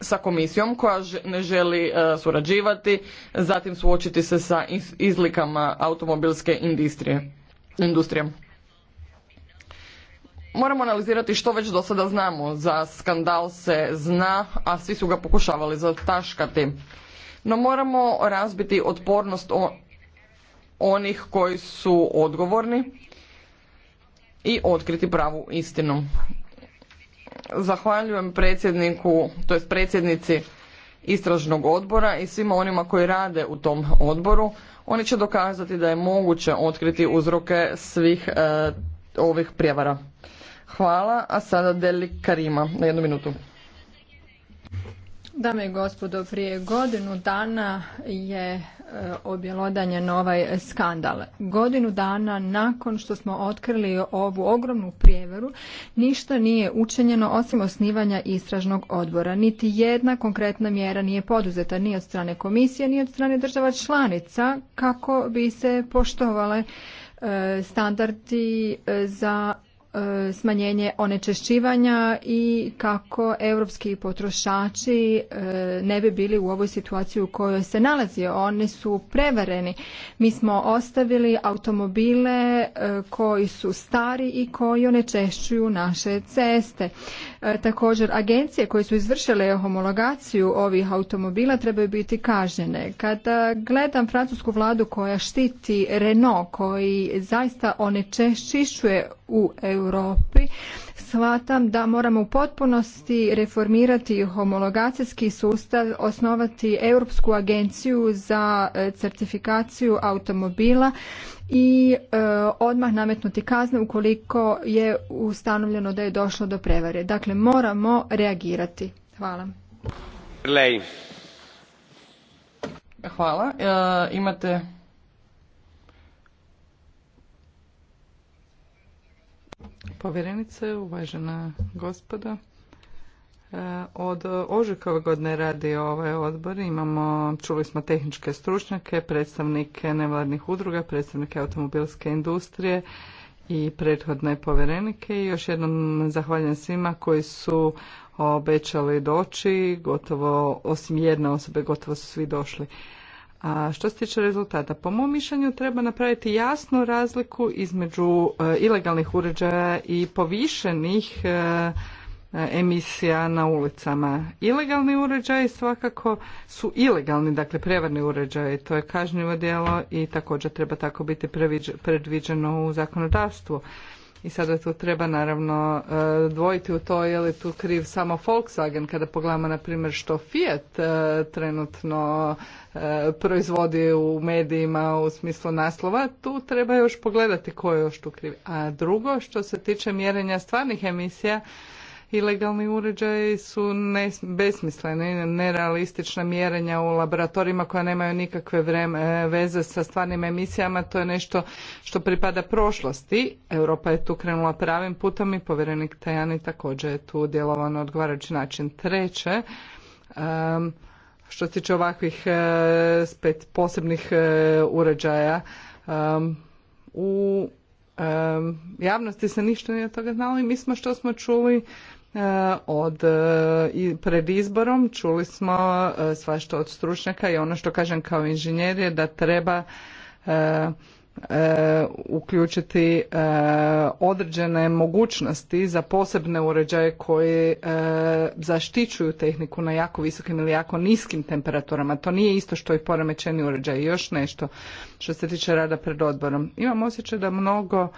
sa komisijom koja ne želi e, surađivati, zatim suočiti se sa izlikama automobilske industrije. industrije. Moramo analizirati što već do sada znamo. Za skandal se zna, a svi su ga pokušavali zataškati. No moramo razbiti otpornost onih koji su odgovorni i otkriti pravu istinu. Zahvaljujem predsjedniku, to jest predsjednici istražnog odbora i svima onima koji rade u tom odboru. Oni će dokazati da je moguće otkriti uzroke svih e, ovih prijevara. Hvala, a sada Deli Karima na jednu minutu. Dame i gospodo, prije godinu dana je e, objelodanjen ovaj skandal. Godinu dana nakon što smo otkrili ovu ogromnu prijeveru, ništa nije učinjeno osim osnivanja istražnog odbora. Niti jedna konkretna mjera nije poduzeta ni od strane komisije, ni od strane država članica kako bi se poštovale e, standardi e, za E, smanjenje onečešćivanja i kako europski potrošači e, ne bi bili u ovoj situaciji u kojoj se nalazi. Oni su prevareni. Mi smo ostavili automobile e, koji su stari i koji onečešćuju naše ceste. E, također, agencije koje su izvršile homologaciju ovih automobila trebaju biti kažnjene. Kada e, gledam francusku vladu koja štiti Renault, koji zaista onečišćuje u Europi, shvatam da moramo u potpunosti reformirati homologacijski sustav, osnovati Europsku agenciju za e, certifikaciju automobila i e, odmah nametnuti kazne ukoliko je ustanovljeno da je došlo do prevare. Dakle, moramo reagirati. Hvala. Lej. Hvala. E, imate povjerenice, uvažena gospoda. E, od ožujka ove godine radi ovaj odbor. Imamo, čuli smo tehničke stručnjake, predstavnike nevladnih udruga, predstavnike automobilske industrije i prethodne povjerenike i još jednom zahvaljujem svima koji su obećali doći, gotovo osim jedne osobe gotovo su svi došli. A što se tiče rezultata, po mom mišljenju treba napraviti jasnu razliku između e, ilegalnih uređaja i povišenih e, E, emisija na ulicama. Ilegalni uređaji svakako su ilegalni, dakle prevarni uređaji, to je kažnjivo djelo i također treba tako biti predviđeno u zakonodavstvu. I sada tu treba naravno e, dvojiti u to je li tu kriv samo Volkswagen kada pogledamo na primjer što Fiat e, trenutno proizvodi u medijima u smislu naslova, tu treba još pogledati ko je još tu kriv. A drugo što se tiče mjerenja stvarnih emisija, Ilegalni uređaji su ne, besmisleni, nerealistična mjerenja u laboratorijima koja nemaju nikakve e, veze sa stvarnim emisijama. To je nešto što pripada prošlosti. Europa je tu krenula pravim putem i povjerenik Tajani također je tu djelovao na odgovarajući način. Treće, što se tiče ovakvih e, posebnih e, uređaja, u javnosti se ništa nije od toga znalo i mi smo što smo čuli E, od e, pred izborom čuli smo e, svašta od stručnjaka i ono što kažem kao inženjer je da treba uključiti određene mogućnosti za posebne uređaje koji zaštićuju tehniku na jako visokim ili jako niskim temperaturama. To nije isto što i poremećeni uređaj. još nešto što se tiče rada pred odborom. Imam osjećaj da mnogo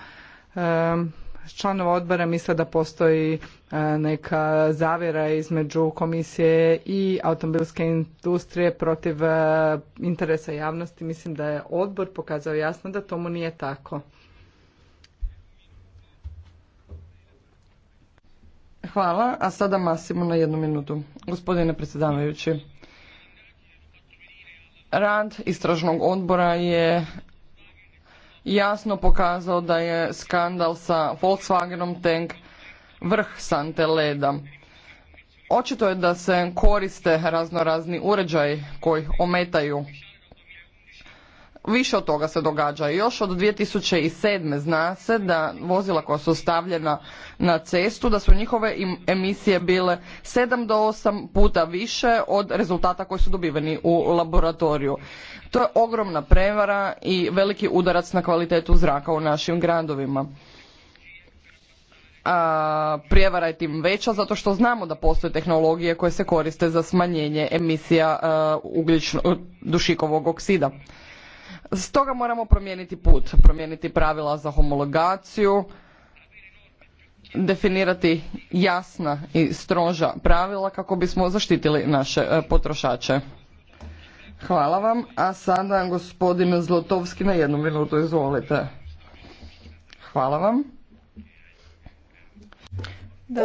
članova odbora misle da postoji e, neka zavjera između komisije i automobilske industrije protiv e, interesa javnosti. Mislim da je odbor pokazao jasno da tomu nije tako. Hvala, a sada Masimo na jednu minutu. Gospodine predsjedavajući, rad istražnog odbora je jasno pokazao da je skandal sa Volkswagenom Tank vrh sante leda. Očito je da se koriste raznorazni uređaji koji ometaju Više od toga se događa. Još od 2007. zna se da vozila koja su stavljena na cestu, da su njihove emisije bile 7 do 8 puta više od rezultata koji su dobiveni u laboratoriju. To je ogromna prevara i veliki udarac na kvalitetu zraka u našim gradovima. A prijevara je tim veća zato što znamo da postoje tehnologije koje se koriste za smanjenje emisija e, ugljično, dušikovog oksida. Stoga moramo promijeniti put, promijeniti pravila za homologaciju, definirati jasna i stroža pravila kako bismo zaštitili naše e, potrošače. Hvala vam. A sada gospodin Zlotovski na jednu minutu, izvolite. Hvala vam.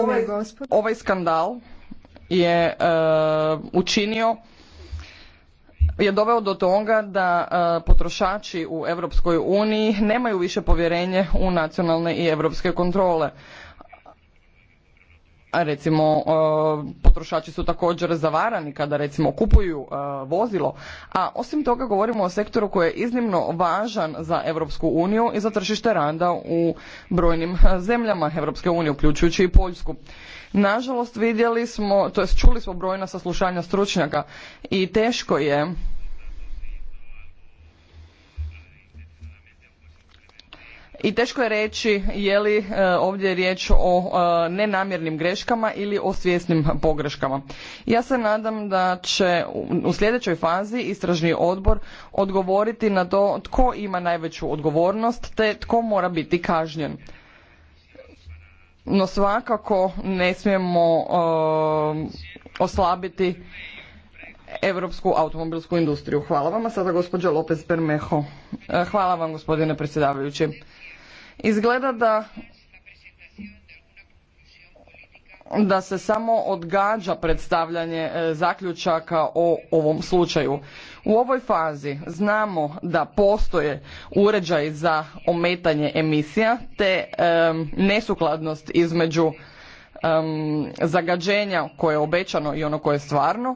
Ovaj, ovaj, skandal je e, učinio je doveo do toga da e, potrošači u Europskoj uniji nemaju više povjerenje u nacionalne i europske kontrole. A recimo e, potrošači su također zavarani kada recimo kupuju e, vozilo, a osim toga govorimo o sektoru koji je iznimno važan za Europsku uniju i za tržište rada u brojnim zemljama Europske unije uključujući i Poljsku. Nažalost vidjeli smo, to jest čuli smo brojna saslušanja stručnjaka i teško je i teško je reći je li e, ovdje riječ o e, nenamjernim greškama ili o svjesnim pogreškama. Ja se nadam da će u sljedećoj fazi istražni odbor odgovoriti na to tko ima najveću odgovornost te tko mora biti kažnjen no svakako ne smijemo um, oslabiti europsku automobilsku industriju. Hvala vam, sada gospođa Lopez Bermejo. E, hvala vam, gospodine predsjedavajući. Izgleda da da se samo odgađa predstavljanje e, zaključaka o ovom slučaju. U ovoj fazi znamo da postoje uređaj za ometanje emisija te nesukladnost između zagađenja koje je obećano i ono koje je stvarno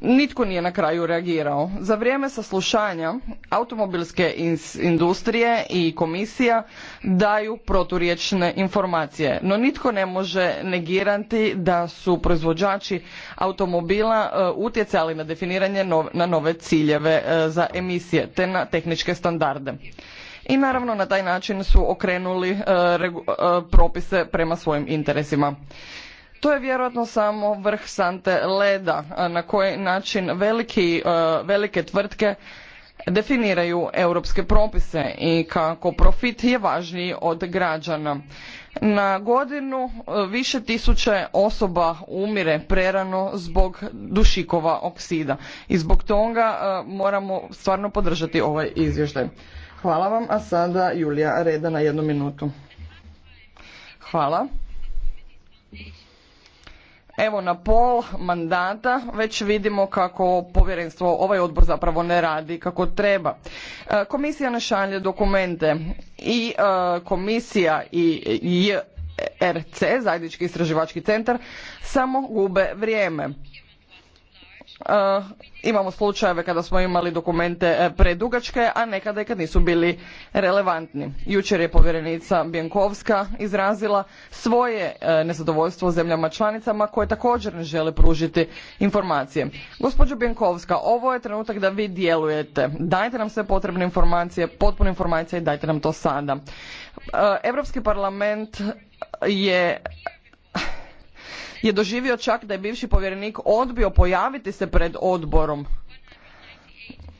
Nitko nije na kraju reagirao. Za vrijeme saslušanja automobilske industrije i komisija daju proturječne informacije, no nitko ne može negirati da su proizvođači automobila e, utjecali na definiranje na nove ciljeve e, za emisije te na tehničke standarde. I naravno na taj način su okrenuli e, propise prema svojim interesima. To je vjerojatno samo vrh sante leda na koji način veliki, e, velike tvrtke definiraju europske propise i kako profit je važniji od građana. Na godinu e, više tisuće osoba umire prerano zbog dušikova oksida i zbog toga e, moramo stvarno podržati ovaj izvještaj. Hvala vam, a sada Julija Reda na jednu minutu. Hvala. Evo na pol mandata već vidimo kako povjerenstvo, ovaj odbor zapravo ne radi kako treba. E, komisija ne šalje dokumente i e, komisija i JRC, zajednički istraživački centar, samo gube vrijeme. Eh, imamo slučajeve kada smo imali dokumente eh, predugačke, a nekada i kad nisu bili relevantni. Jučer je povjerenica Bjenkovska izrazila svoje eh, nezadovoljstvo zemljama članicama koje također ne žele pružiti informacije. Gospođo Bjenkovska, ovo je trenutak da vi djelujete. Dajte nam sve potrebne informacije, potpune informacije i dajte nam to sada. Europski parlament je je doživio čak da je bivši povjerenik odbio pojaviti se pred odborom.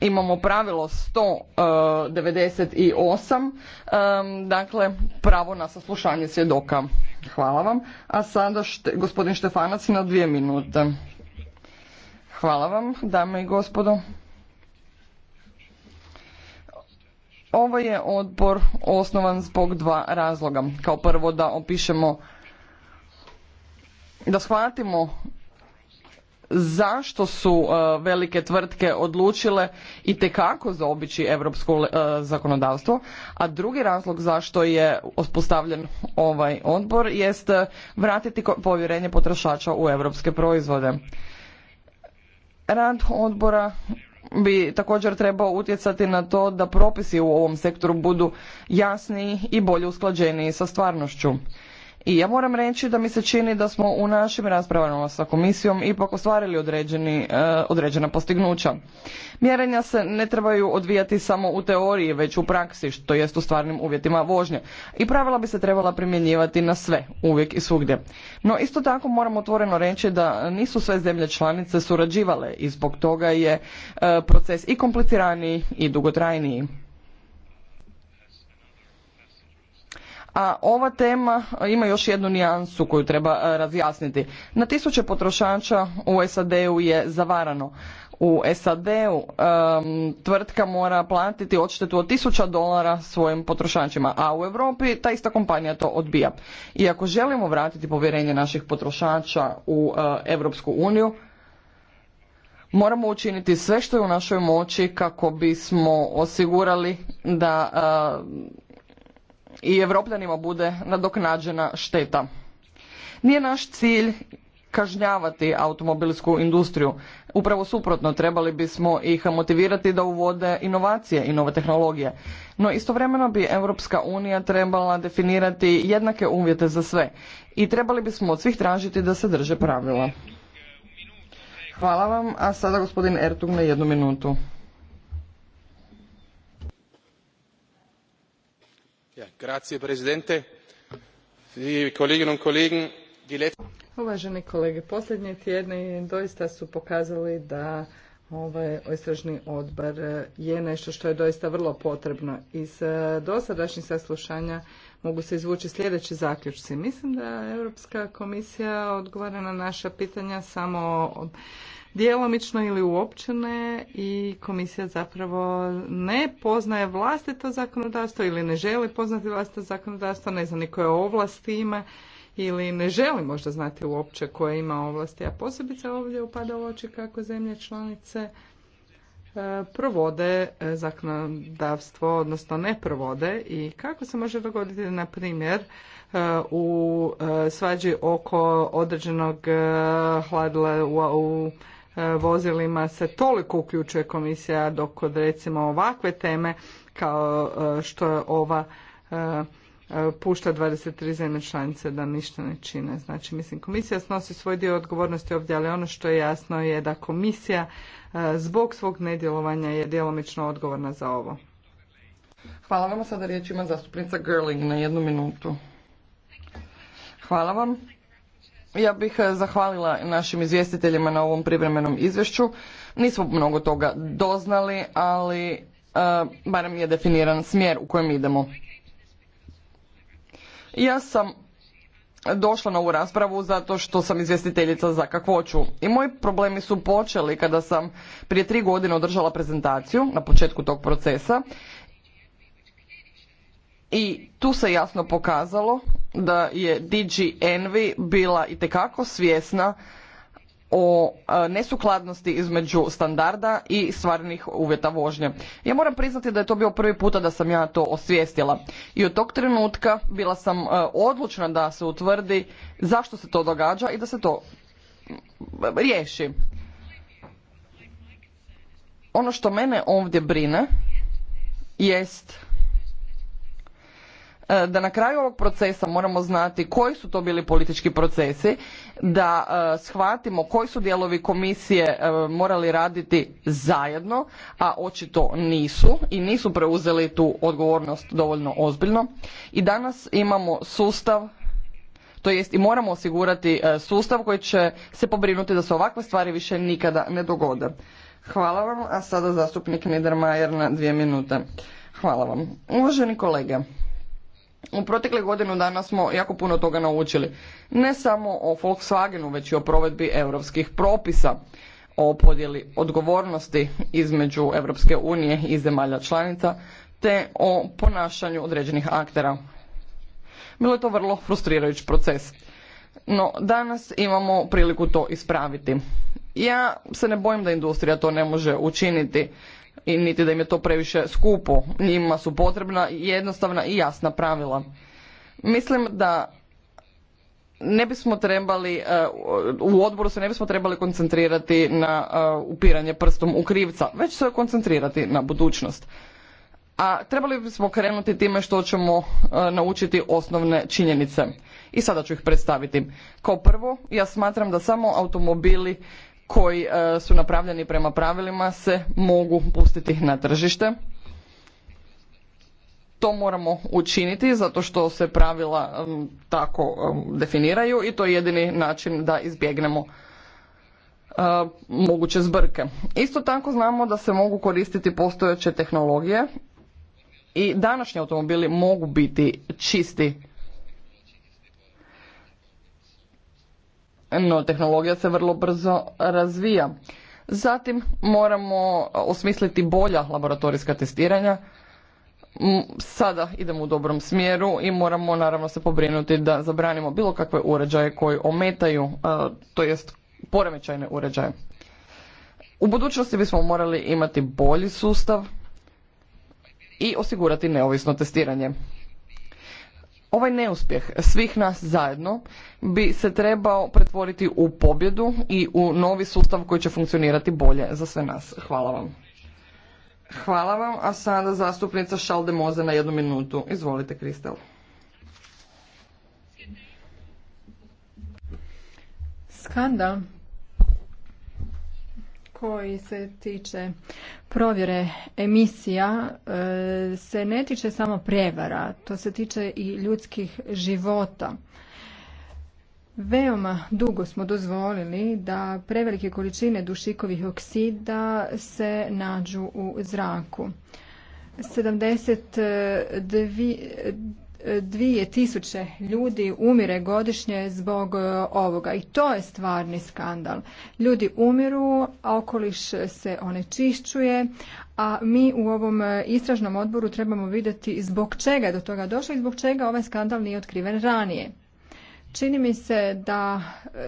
Imamo pravilo 198, eh, dakle pravo na saslušanje svjedoka. Hvala vam. A sada šte, gospodin Štefanac na dvije minute. Hvala vam, dame i gospodo. Ovo je odbor osnovan zbog dva razloga. Kao prvo da opišemo da shvatimo zašto su e, velike tvrtke odlučile itekako zaobići europsko e, zakonodavstvo a drugi razlog zašto je uspostavljen ovaj odbor jest vratiti povjerenje potrošača u europske proizvode rad odbora bi također trebao utjecati na to da propisi u ovom sektoru budu jasniji i bolje usklađeniji sa stvarnošću i ja moram reći da mi se čini da smo u našim raspravama sa komisijom ipak ostvarili određeni, e, određena postignuća. Mjerenja se ne trebaju odvijati samo u teoriji, već u praksi, što jest u stvarnim uvjetima vožnje. I pravila bi se trebala primjenjivati na sve, uvijek i svugdje. No isto tako moram otvoreno reći da nisu sve zemlje članice surađivale i zbog toga je e, proces i kompliciraniji i dugotrajniji. A ova tema ima još jednu nijansu koju treba e, razjasniti. Na tisuće potrošača u SAD-u je zavarano. U SAD-u tvrtka mora platiti odštetu od tisuća dolara svojim potrošačima, a u Europi ta ista kompanija to odbija. I ako želimo vratiti povjerenje naših potrošača u uh, Europsku uniju, moramo učiniti sve što je u našoj moći kako bismo osigurali da i evropljanima bude nadoknađena šteta. Nije naš cilj kažnjavati automobilsku industriju. Upravo suprotno, trebali bismo ih motivirati da uvode inovacije i nove tehnologije. No istovremeno bi Europska unija trebala definirati jednake uvjete za sve i trebali bismo od svih tražiti da se drže pravila. Hvala vam, a sada gospodin Ertug na jednu minutu. Grazie, prezidente. Uvaženi kolege, posljednji tjedni doista su pokazali da ovaj istražni odbor je nešto što je doista vrlo potrebno. Iz eh, dosadašnjih saslušanja mogu se izvući sljedeći zaključci. Mislim da Europska komisija odgovara na naša pitanja samo djelomično ili uopće ne i komisija zapravo ne poznaje vlastito zakonodavstvo ili ne želi poznati vlastito zakonodavstvo, ne zna ni koje ovlasti ima ili ne želi možda znati uopće koje ima ovlasti, a posebice ovdje upada u oči kako zemlje članice e, provode e, zakonodavstvo, odnosno ne provode i kako se može dogoditi, na primjer, e, u svađi oko određenog hladila u E, vozilima se toliko uključuje komisija dok kod recimo ovakve teme kao e, što je ova e, pušta 23 zemlje članice da ništa ne čine. Znači, mislim, komisija snosi svoj dio odgovornosti ovdje, ali ono što je jasno je da komisija zbog svog nedjelovanja je djelomično odgovorna za ovo. Hvala vam. Sada riječ ima zastupnica Gerling na jednu minutu. Hvala vam. Ja bih e, zahvalila našim izvjestiteljima na ovom privremenom izvješću. Nismo mnogo toga doznali, ali uh, barem je definiran smjer u kojem idemo. Ja sam došla na ovu raspravu zato što sam izvjestiteljica za kakvoću i moji problemi su počeli kada sam prije tri godine održala prezentaciju na početku tog procesa i tu se jasno pokazalo da je DG Envy bila itekako svjesna o e, nesukladnosti između standarda i stvarnih uvjeta vožnje. Ja moram priznati da je to bio prvi puta da sam ja to osvijestila. I od tog trenutka bila sam e, odlučna da se utvrdi zašto se to događa i da se to riješi. Ono što mene ovdje brine jest E, da na kraju ovog procesa moramo znati koji su to bili politički procesi, da e, shvatimo koji su dijelovi komisije e, morali raditi zajedno, a očito nisu i nisu preuzeli tu odgovornost dovoljno ozbiljno. I danas imamo sustav to jest i moramo osigurati sustav koji će se pobrinuti da se ovakve stvari više nikada ne dogode. Hvala vam, a sada zastupnik Niedermayer na dvije minute. Hvala vam. Uvaženi kolege u protekle godinu dana smo jako puno toga naučili. Ne samo o Volkswagenu, već i o provedbi europskih propisa, o podjeli odgovornosti između Europske unije i zemalja članica, te o ponašanju određenih aktera. Bilo je to vrlo frustrirajući proces. No, danas imamo priliku to ispraviti. Ja se ne bojim da industrija to ne može učiniti i niti da im je to previše skupo. Njima su potrebna jednostavna i jasna pravila. Mislim da ne bismo trebali, e, u odboru se ne bismo trebali koncentrirati na e, upiranje prstom u krivca, već se koncentrirati na budućnost. A trebali bismo krenuti time što ćemo e, naučiti osnovne činjenice. I sada ću ih predstaviti. Kao prvo, ja smatram da samo automobili koji e, su napravljeni prema pravilima se mogu pustiti na tržište. To moramo učiniti zato što se pravila tako definiraju i to je jedini način da izbjegnemo e, moguće zbrke. Isto tako znamo da se mogu koristiti postojeće tehnologije i današnji automobili mogu biti čisti no tehnologija se vrlo brzo razvija. Zatim moramo osmisliti bolja laboratorijska testiranja. Sada idemo u dobrom smjeru i moramo naravno se pobrinuti da zabranimo bilo kakve uređaje koji ometaju, e, to jest poremećajne uređaje. U budućnosti bismo morali imati bolji sustav i osigurati neovisno testiranje. Ovaj neuspjeh svih nas zajedno bi se trebao pretvoriti u pobjedu i u novi sustav koji će funkcionirati bolje za sve nas. Hvala vam. Hvala vam, a sada zastupnica Šalde Moze na jednu minutu. Izvolite, Kristel. Skanda koji se tiče provjere emisija e, se ne tiče samo prevara. to se tiče i ljudskih života. Veoma dugo smo dozvolili da prevelike količine dušikovih oksida se nađu u zraku. 72 2000 ljudi umire godišnje zbog e, ovoga i to je stvarni skandal. Ljudi umiru, okoliš se onečišćuje, a mi u ovom e, istražnom odboru trebamo vidjeti zbog čega je do toga došlo i zbog čega ovaj skandal nije otkriven ranije. Čini mi se da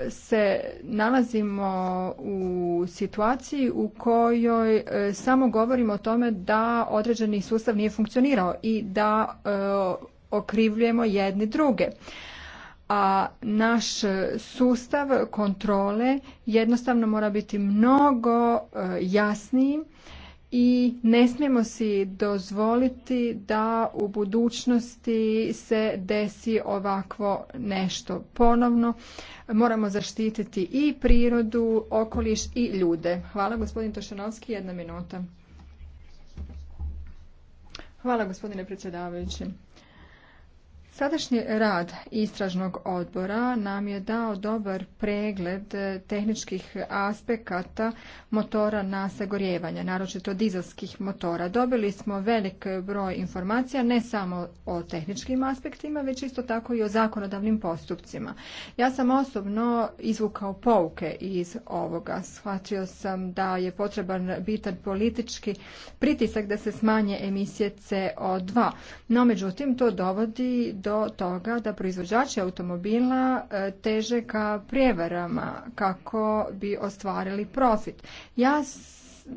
e, se nalazimo u situaciji u kojoj samo govorimo o tome da određeni sustav nije funkcionirao i da okrivljujemo jedni druge a naš sustav kontrole jednostavno mora biti mnogo e, jasniji i ne smijemo si dozvoliti da u budućnosti se desi ovakvo nešto ponovno. Moramo zaštititi i prirodu, okoliš i ljude. Hvala gospodin Tošanovski, jedna minuta. Hvala gospodine predsjedavajući. Sadašnji rad istražnog odbora nam je dao dobar pregled tehničkih aspekata motora na sagorjevanje, naročito dizelskih motora. Dobili smo velik broj informacija ne samo o tehničkim aspektima, već isto tako i o zakonodavnim postupcima. Ja sam osobno izvukao pouke iz ovoga. Shvatio sam da je potreban bitan politički pritisak da se smanje emisije CO2. No, međutim, to dovodi do do toga da proizvođači automobila e, teže ka prijevarama kako bi ostvarili profit. Ja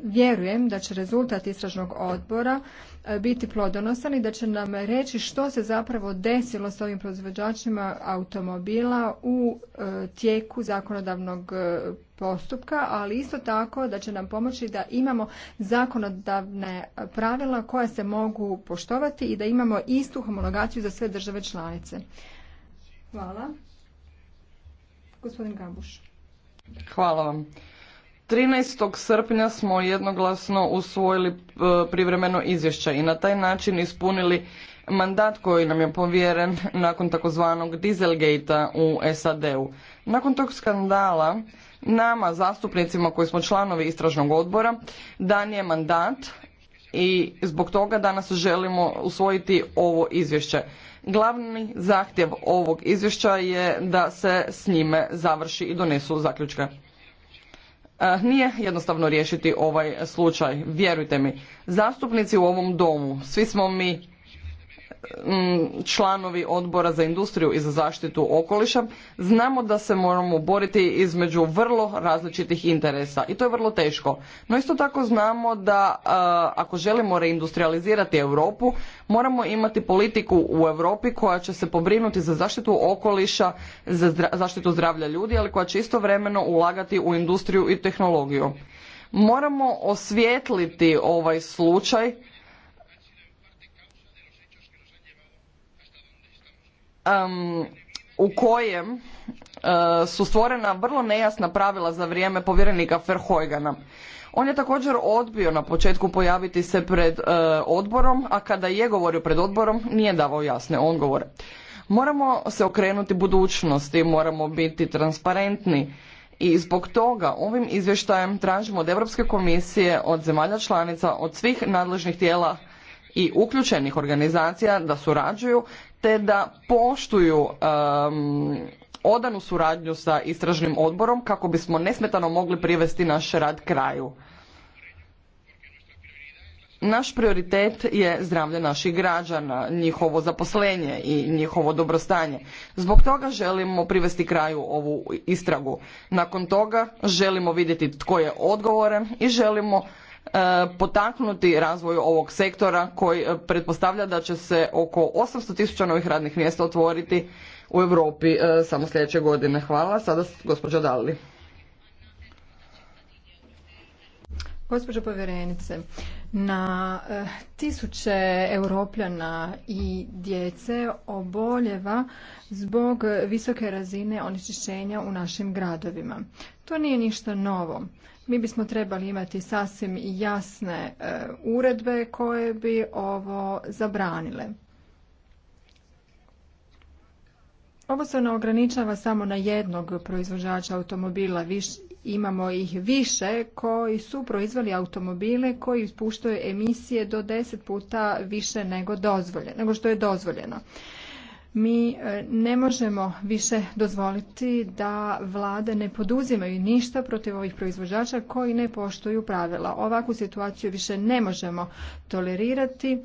vjerujem da će rezultat istražnog odbora E, biti plodonosan i da će nam reći što se zapravo desilo s ovim proizvođačima automobila u e, tijeku zakonodavnog e, postupka, ali isto tako da će nam pomoći da imamo zakonodavne pravila koja se mogu poštovati i da imamo istu homologaciju za sve države članice. Hvala. Gospodin Gabuš. Hvala vam. 13. srpnja smo jednoglasno usvojili e, privremeno izvješće i na taj način ispunili mandat koji nam je povjeren nakon takozvanog dieselgate u SAD-u. Nakon tog skandala nama, zastupnicima koji smo članovi istražnog odbora, dan je mandat i zbog toga danas želimo usvojiti ovo izvješće. Glavni zahtjev ovog izvješća je da se s njime završi i donesu zaključke. E, nije jednostavno riješiti ovaj slučaj, vjerujte mi. Zastupnici u ovom domu, svi smo mi članovi odbora za industriju i za zaštitu okoliša, znamo da se moramo boriti između vrlo različitih interesa i to je vrlo teško. No isto tako znamo da ako želimo reindustrializirati Europu, moramo imati politiku u Europi koja će se pobrinuti za zaštitu okoliša, za zaštitu zdravlja ljudi, ali koja će istovremeno ulagati u industriju i tehnologiju. Moramo osvijetliti ovaj slučaj u kojem e, su stvorena vrlo nejasna pravila za vrijeme povjerenika Verhojgana. On je također odbio na početku pojaviti se pred e, odborom, a kada je govorio pred odborom nije davao jasne odgovore. Moramo se okrenuti budućnosti, moramo biti transparentni i zbog toga ovim izvještajem tražimo od Europske komisije, od zemalja članica, od svih nadležnih tijela i uključenih organizacija da surađuju te da poštuju odanu suradnju sa istražnim odborom kako bismo nesmetano mogli privesti naš rad kraju. Naš prioritet je zdravlje naših građana, njihovo zaposlenje i njihovo dobrostanje. Zbog toga želimo privesti kraju ovu istragu. Nakon toga želimo vidjeti tko je odgovoran i želimo E, potaknuti razvoj ovog sektora koji e, pretpostavlja da će se oko 800 tisuća novih radnih mjesta otvoriti u Europi e, samo sljedeće godine. Hvala. Sada gospođa Gospođo povjerenice, na tisuće europljana i djece oboljeva zbog visoke razine onečišćenja u našim gradovima. To nije ništa novo. Mi bismo trebali imati sasvim jasne e, uredbe koje bi ovo zabranile. Ovo se ne ograničava samo na jednog proizvođača automobila, imamo ih više koji su proizvali automobile koji ispuštaju emisije do 10 puta više nego, nego što je dozvoljeno. Mi e, ne možemo više dozvoliti da vlade ne poduzimaju ništa protiv ovih proizvođača koji ne poštuju pravila. Ovakvu situaciju više ne možemo tolerirati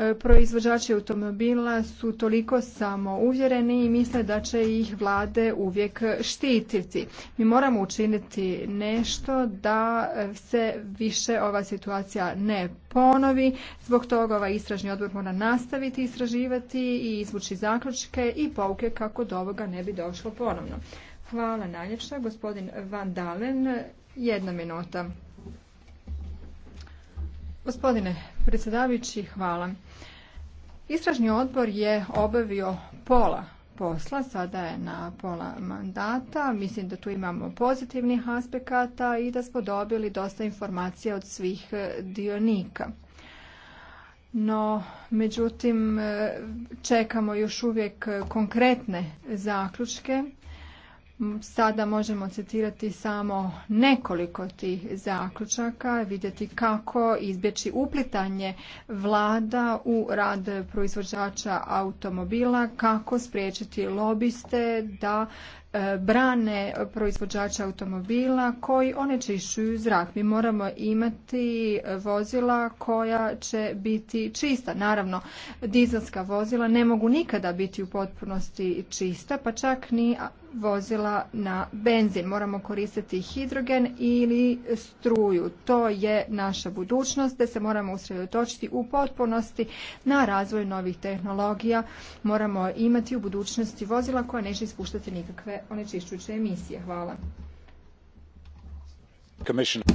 E, proizvođači automobila su toliko samouvjereni i misle da će ih vlade uvijek štititi. Mi moramo učiniti nešto da se više ova situacija ne ponovi. Zbog toga ovaj istražni odbor mora nastaviti istraživati i izvući zaključke i pouke kako do ovoga ne bi došlo ponovno. Hvala najljepša. Gospodin Van Dalen, jedna minuta. Gospodine predsjedavajući, hvala. Istražni odbor je obavio pola posla, sada je na pola mandata. Mislim da tu imamo pozitivnih aspekata i da smo dobili dosta informacija od svih e, dionika. No, međutim, e, čekamo još uvijek konkretne zaključke Sada možemo citirati samo nekoliko tih zaključaka, vidjeti kako izbjeći uplitanje vlada u rad proizvođača automobila, kako spriječiti lobiste da e, brane proizvođača automobila koji onečišćuju zrak. Mi moramo imati vozila koja će biti čista. Naravno, dizelska vozila ne mogu nikada biti u potpunosti čista, pa čak ni vozila na benzin. Moramo koristiti hidrogen ili struju. To je naša budućnost, da se moramo usredotočiti u potpunosti na razvoj novih tehnologija. Moramo imati u budućnosti vozila koja neće ispuštati nikakve onečišćuće emisije. Hvala.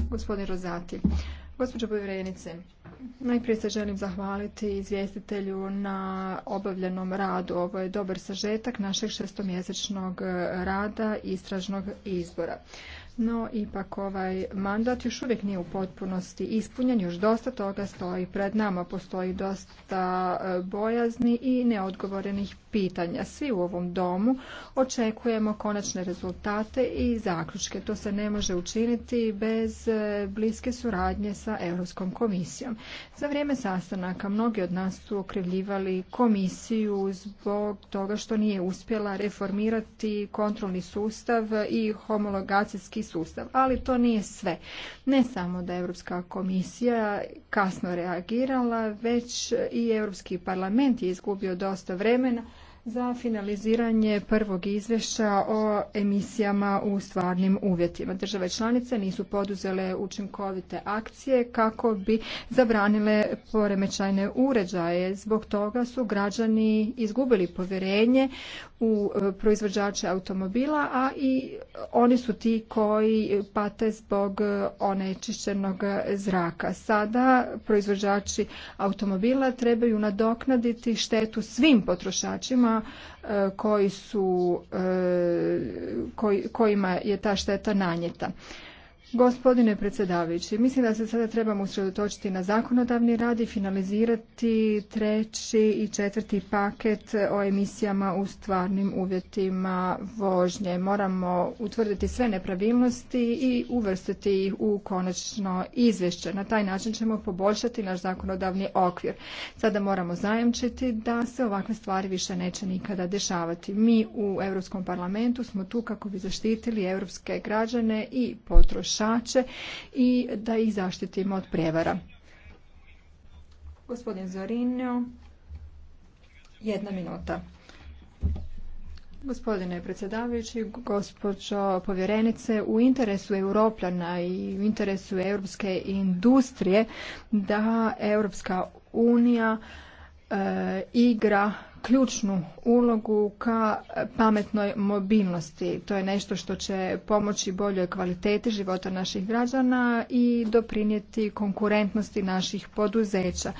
Gospodin Rozati. Gospođo povjerenice, najprije se želim zahvaliti izvjestitelju na obavljenom radu. Ovo je dobar sažetak našeg šestomjesečnog rada istražnog izbora. No, ipak ovaj mandat još uvijek nije u potpunosti ispunjen, još dosta toga stoji pred nama, postoji dosta e, bojazni i neodgovorenih pitanja. Svi u ovom domu očekujemo konačne rezultate i zaključke. To se ne može učiniti bez e, bliske suradnje sa Europskom komisijom. Za vrijeme sastanaka mnogi od nas su okrivljivali komisiju zbog toga što nije uspjela reformirati kontrolni sustav i homologacijski sustav, ali to nije sve. Ne samo da je Europska komisija kasno reagirala, već i Europski parlament je izgubio dosta vremena za finaliziranje prvog izvješća o emisijama u stvarnim uvjetima. Države članice nisu poduzele učinkovite akcije kako bi zabranile poremećajne uređaje. Zbog toga su građani izgubili povjerenje u e, proizvođače automobila, a i oni su ti koji pate zbog e, onečišćenog zraka. Sada proizvođači automobila trebaju nadoknaditi štetu svim potrošačima E, koji su, e, kojima je ta šteta nanjeta. Gospodine predsjedavajući, mislim da se sada trebamo usredotočiti na zakonodavni rad i finalizirati treći i četvrti paket o emisijama u stvarnim uvjetima vožnje. Moramo utvrditi sve nepravilnosti i uvrstiti ih u konačno izvješće. Na taj način ćemo poboljšati naš zakonodavni okvir. Sada moramo zajamčiti da se ovakve stvari više neće nikada dešavati. Mi u Europskom parlamentu smo tu kako bi zaštitili europske građane i potroša potrošače i da ih zaštitimo od prijevara. Gospodin Zorinio, jedna minuta. Gospodine predsjedavajući, gospođo povjerenice, u interesu Europljana i u interesu europske industrije da Europska unija e, igra ključnu ulogu ka pametnoj mobilnosti. To je nešto što će pomoći boljoj kvaliteti života naših građana i doprinijeti konkurentnosti naših poduzeća.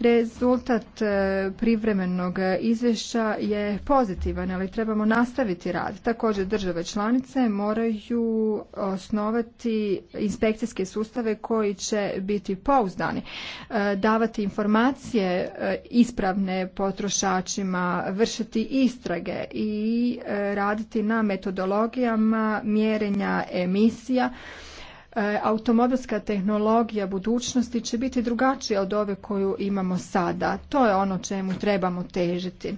Rezultat e, privremenog izvješća je pozitivan, ali trebamo nastaviti rad. Također države članice moraju osnovati inspekcijske sustave koji će biti pouzdani, e, davati informacije e, ispravne potrošačima slučajevima vršiti istrage i e, raditi na metodologijama mjerenja emisija e, automobilska tehnologija budućnosti će biti drugačija od ove koju imamo sada. To je ono čemu trebamo težiti.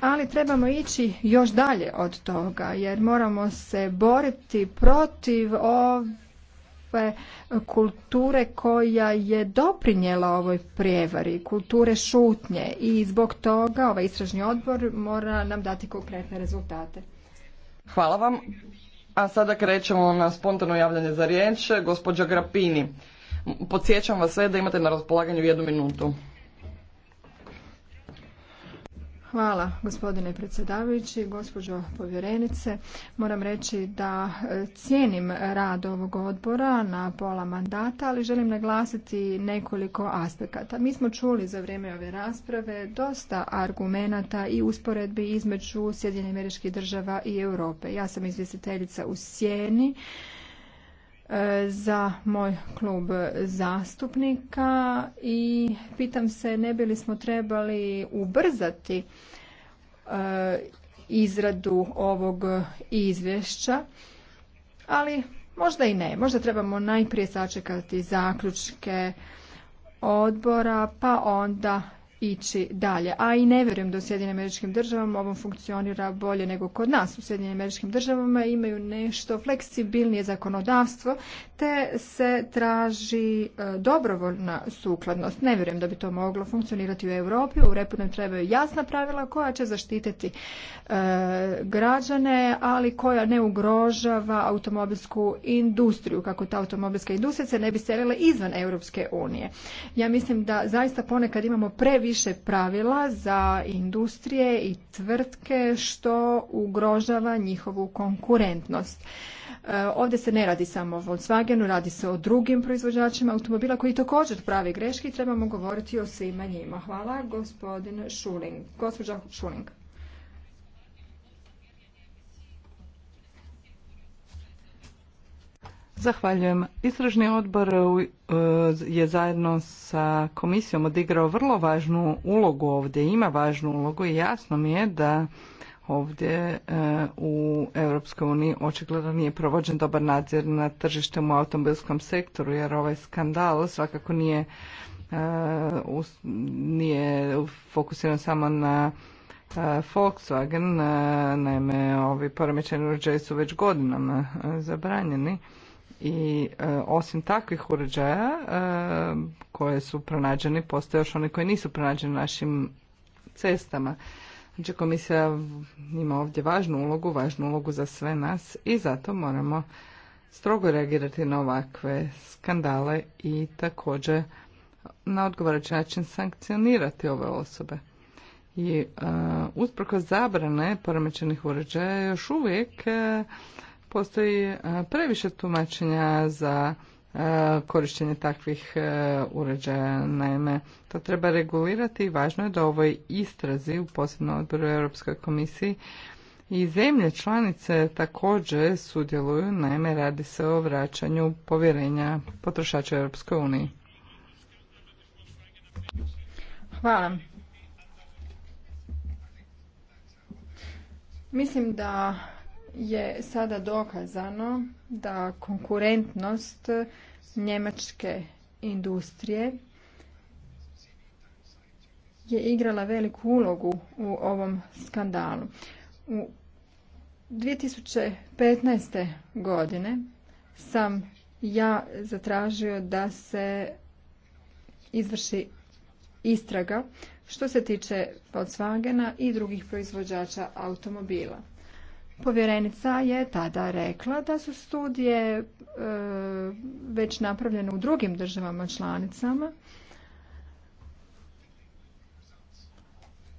Ali trebamo ići još dalje od toga jer moramo se boriti protiv ove kulture koja je doprinjela ovoj prijevari, kulture šutnje i zbog toga ovaj istražni odbor mora nam dati konkretne rezultate. Hvala vam. A sada krećemo na spontano javljanje za riječ. Gospođa Grapini, podsjećam vas sve da imate na raspolaganju jednu minutu. Hvala gospodine predsjedavajući, gospođo povjerenice. Moram reći da e, cijenim rad ovog odbora na pola mandata, ali želim naglasiti nekoliko aspekata. Mi smo čuli za vrijeme ove rasprave dosta argumenata i usporedbi između Sjedinjenih američkih država i Europe. Ja sam izvjestiteljica u Sjeni za moj klub zastupnika i pitam se ne bi li smo trebali ubrzati e, izradu ovog izvješća, ali možda i ne. Možda trebamo najprije sačekati zaključke odbora, pa onda ići dalje. A i ne vjerujem da u Sjedinim američkim državama ovo funkcionira bolje nego kod nas. U Sjedinim američkim državama imaju nešto fleksibilnije zakonodavstvo te se traži e, dobrovoljna sukladnost. Ne vjerujem da bi to moglo funkcionirati u Europi. U Repu trebaju jasna pravila koja će zaštititi e, građane, ali koja ne ugrožava automobilsku industriju, kako ta automobilska industrija se ne bi selila izvan Europske unije. Ja mislim da zaista ponekad imamo previše više pravila za industrije i tvrtke što ugrožava njihovu konkurentnost. E, ovdje se ne radi samo o Volkswagenu, radi se o drugim proizvođačima automobila koji također pravi greške i trebamo govoriti o svima njima. Hvala, gospodin Šuling. Gospođa Šuling. Zahvaljujem. Istražni odbor uh, je zajedno sa komisijom odigrao vrlo važnu ulogu ovdje, ima važnu ulogu i jasno mi je da ovdje uh, u Europskoj uniji očigledno nije provođen dobar nadzir na tržištem u automobilskom sektoru jer ovaj skandal svakako nije uh, nije fokusiran samo na Volkswagen, naime ovi poremećeni uređaji su već godinama zabranjeni i e, osim takvih uređaja e, koje su pronađeni, postoje još one koje nisu pronađene na našim cestama. Znači komisija ima ovdje važnu ulogu, važnu ulogu za sve nas i zato moramo strogo reagirati na ovakve skandale i također na odgovarajući način sankcionirati ove osobe. I e, usprkos zabrane poremećenih uređaja još uvijek postoji e, previše tumačenja za e, korištenje takvih e, uređaja. Naime, to treba regulirati i važno je da ovoj istrazi u posebnom odboru Europskoj komisiji i zemlje članice također sudjeluju, naime radi se o vraćanju povjerenja potrošača Europskoj uniji. Hvala. Mislim da je sada dokazano da konkurentnost njemačke industrije je igrala veliku ulogu u ovom skandalu. U 2015. godine sam ja zatražio da se izvrši istraga što se tiče Volkswagena i drugih proizvođača automobila. Povjerenica je tada rekla da su studije e, već napravljene u drugim državama članicama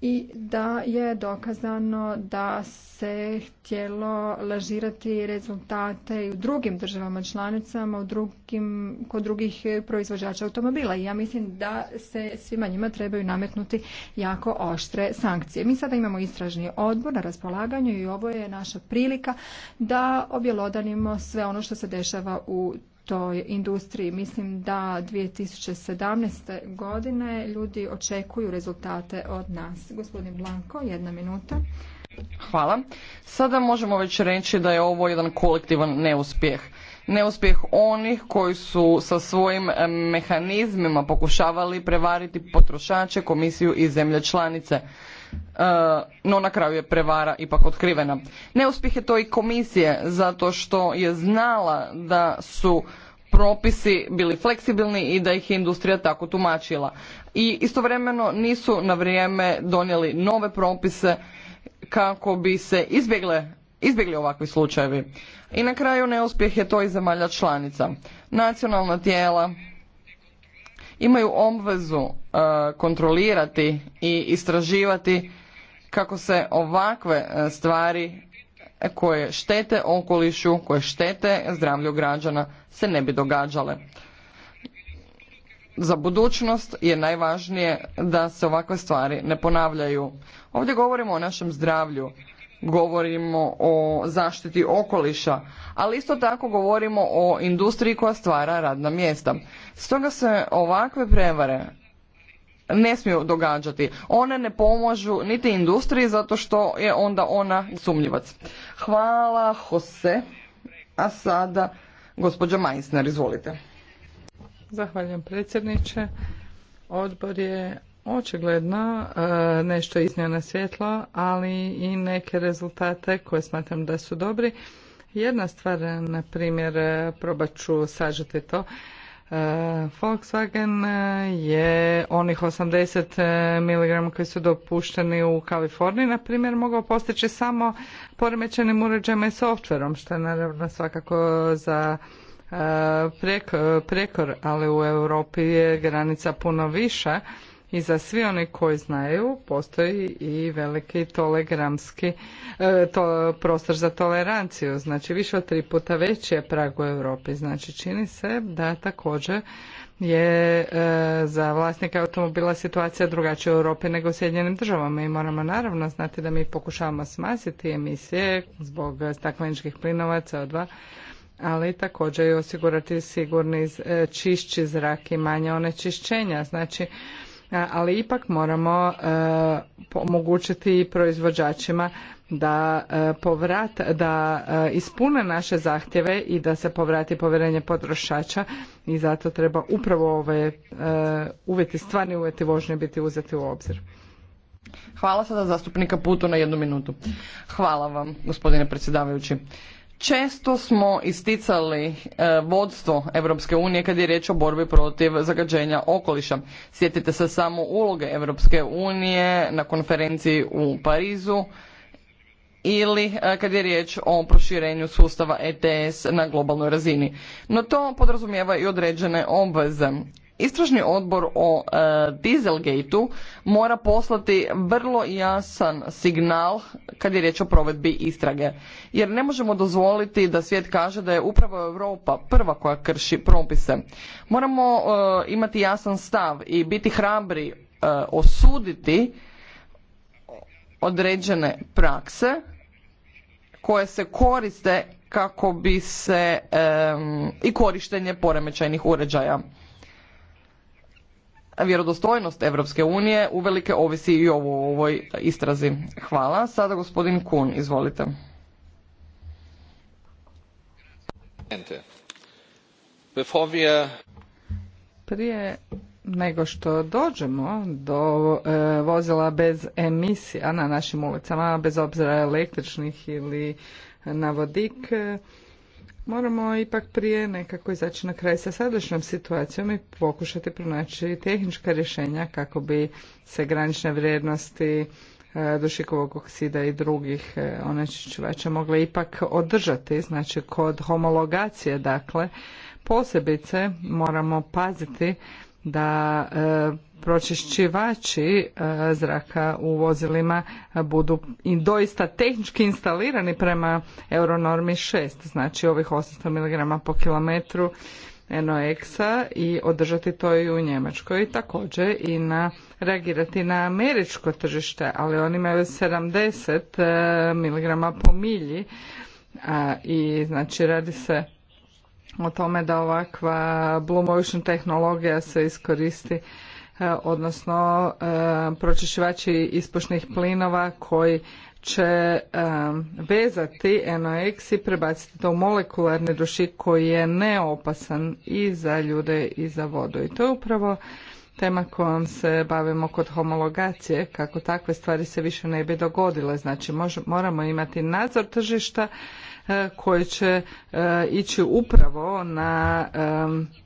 i da je dokazano da se htjelo lažirati rezultate i u drugim državama članicama, u drugim, kod drugih proizvođača automobila. I ja mislim da se svima njima trebaju nametnuti jako oštre sankcije. Mi sada imamo istražni odbor na raspolaganju i ovo je naša prilika da objelodanimo sve ono što se dešava u toj industriji. Mislim da 2017. godine ljudi očekuju rezultate od nas. Gospodin Blanko, jedna minuta. Hvala. Sada možemo već reći da je ovo jedan kolektivan neuspjeh. Neuspjeh onih koji su sa svojim eh, mehanizmima pokušavali prevariti potrošače, komisiju i zemlje članice. E, no na kraju je prevara ipak otkrivena. Neuspjeh je to i komisije zato što je znala da su propisi bili fleksibilni i da ih je industrija tako tumačila. I istovremeno nisu na vrijeme donijeli nove propise kako bi se izbjegle izbjegli ovakvi slučajevi. I na kraju neuspjeh je to i zemalja članica. Nacionalna tijela imaju obvezu e, kontrolirati i istraživati kako se ovakve e, stvari e, koje štete okolišu, koje štete zdravlju građana se ne bi događale. Za budućnost je najvažnije da se ovakve stvari ne ponavljaju. Ovdje govorimo o našem zdravlju, govorimo o zaštiti okoliša, ali isto tako govorimo o industriji koja stvara radna mjesta. Stoga se ovakve prevare ne smiju događati. One ne pomažu niti industriji zato što je onda ona sumnjivac. Hvala Jose. A sada gospođa Majsner, izvolite. Zahvaljujem predsjedniče. Odbor je očigledno e, nešto iznio na svjetlo, ali i neke rezultate koje smatram da su dobri. Jedna stvar, na primjer, e, probat ću sažeti to. E, Volkswagen je onih 80 mg koji su dopušteni u Kaliforniji, na primjer, mogao postići samo poremećenim uređajima i softverom, što je naravno svakako za prekor, ali u Europi je granica puno viša i za svi oni koji znaju postoji i veliki tolegramski e, to, prostor za toleranciju, znači više od tri puta veći je prag u Europi. Znači čini se da također je e, za vlasnika automobila situacija drugačija u Europi nego u Sjedinjenim državama i moramo naravno znati da mi pokušavamo smasiti emisije zbog stakleničkih plinova CO2 ali također i osigurati sigurni e, čišći zrak i manje onečišćenja. Znači, ali ipak moramo e, omogućiti proizvođačima da e, povrat, da e, ispune naše zahtjeve i da se povrati povjerenje potrošača i zato treba upravo ove uvjeti, stvarni uvjeti vožnje biti uzeti u obzir. Hvala sada zastupnika Putu na jednu minutu. Hvala vam, gospodine predsjedavajući. Često smo isticali e, vodstvo Europske unije kad je riječ o borbi protiv zagađenja okoliša. Sjetite se samo uloge Europske unije na konferenciji u Parizu ili e, kad je riječ o proširenju sustava ETS na globalnoj razini. No to podrazumijeva i određene obveze. Istražni odbor o e, Dieselgateu mora poslati vrlo jasan signal kad je riječ o provedbi istrage. Jer ne možemo dozvoliti da svijet kaže da je upravo Europa prva koja krši propise. Moramo e, imati jasan stav i biti hrabri e, osuditi određene prakse koje se koriste kako bi se i korištenje poremećajnih uređaja vjerodostojnost Europske unije velike ovisi i o ovoj istrazi. Hvala. Sada gospodin Kun, izvolite. Uh, Prije nego što dođemo do e, vozila bez emisija na našim ulicama, bez obzira električnih ili na vodik, Moramo ipak prije nekako izaći na kraj sa sadašnjom situacijom i pokušati pronaći tehnička rješenja kako bi se granične vrijednosti e, dušikovog oksida i drugih e, onečišćivača mogle ipak održati, znači kod homologacije dakle, posebice moramo paziti da e, pročišćivači e, zraka u vozilima budu i doista tehnički instalirani prema Euronormi 6, znači ovih 800 mg po kilometru NOx-a i održati to i u Njemačkoj i također i na reagirati na američko tržište, ali oni imaju 70 e, mg po milji a, i znači radi se o tome da ovakva blue motion tehnologija se iskoristi e, odnosno e, pročišćivači ispušnih plinova koji će e, vezati NOx i prebaciti to u molekularni dušik koji je neopasan i za ljude i za vodu. I to je upravo tema kojom se bavimo kod homologacije, kako takve stvari se više ne bi dogodile. Znači moramo imati nadzor tržišta, E, koje će e, ići upravo na e,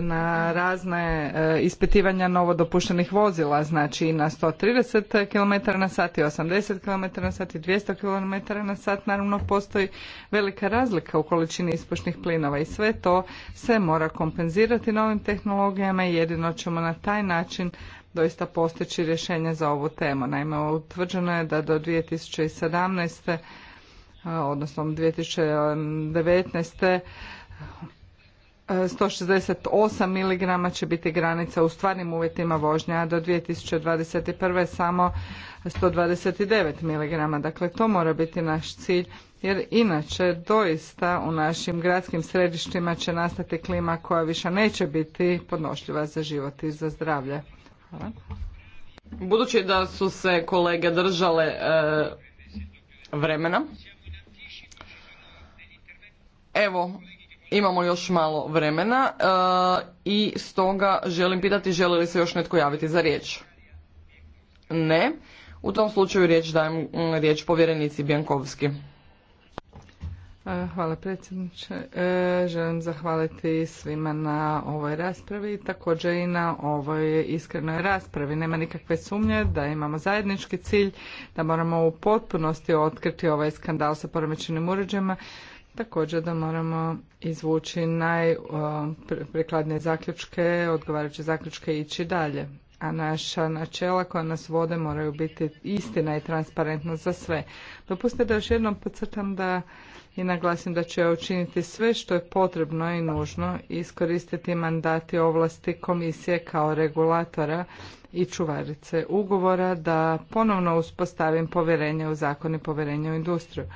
na razne ispitivanja novo dopuštenih vozila, znači i na 130 km na sat i 80 km na sat i 200 km na sat, naravno postoji velika razlika u količini ispušnih plinova i sve to se mora kompenzirati novim tehnologijama i jedino ćemo na taj način doista postići rješenje za ovu temu. Naime, utvrđeno je da do 2017 odnosno 2019. 168 mg će biti granica u stvarnim uvjetima vožnja, a do 2021. samo 129 mg. Dakle, to mora biti naš cilj, jer inače doista u našim gradskim središtima će nastati klima koja više neće biti podnošljiva za život i za zdravlje. Budući da su se kolege držale e, vremena, Evo, imamo još malo vremena i eh, i stoga želim pitati želi li se još netko javiti za riječ? Ne. U tom slučaju riječ dajem mm, riječ povjerenici Bjankovski. Eh, hvala predsjedniče. Eh, želim zahvaliti svima na ovoj raspravi i također i na ovoj iskrenoj raspravi. Nema nikakve sumnje da imamo zajednički cilj, da moramo u potpunosti otkriti ovaj skandal sa poremećenim uređajima također da moramo izvući najprikladnije zaključke, odgovarajuće zaključke i ići dalje. A naša načela koja nas vode moraju biti istina i transparentnost za sve. Dopustite da još jednom podcrtam da i naglasim da će učiniti sve što je potrebno i nužno i iskoristiti mandati ovlasti komisije kao regulatora i čuvarice ugovora da ponovno uspostavim povjerenje u zakon i povjerenje u industriju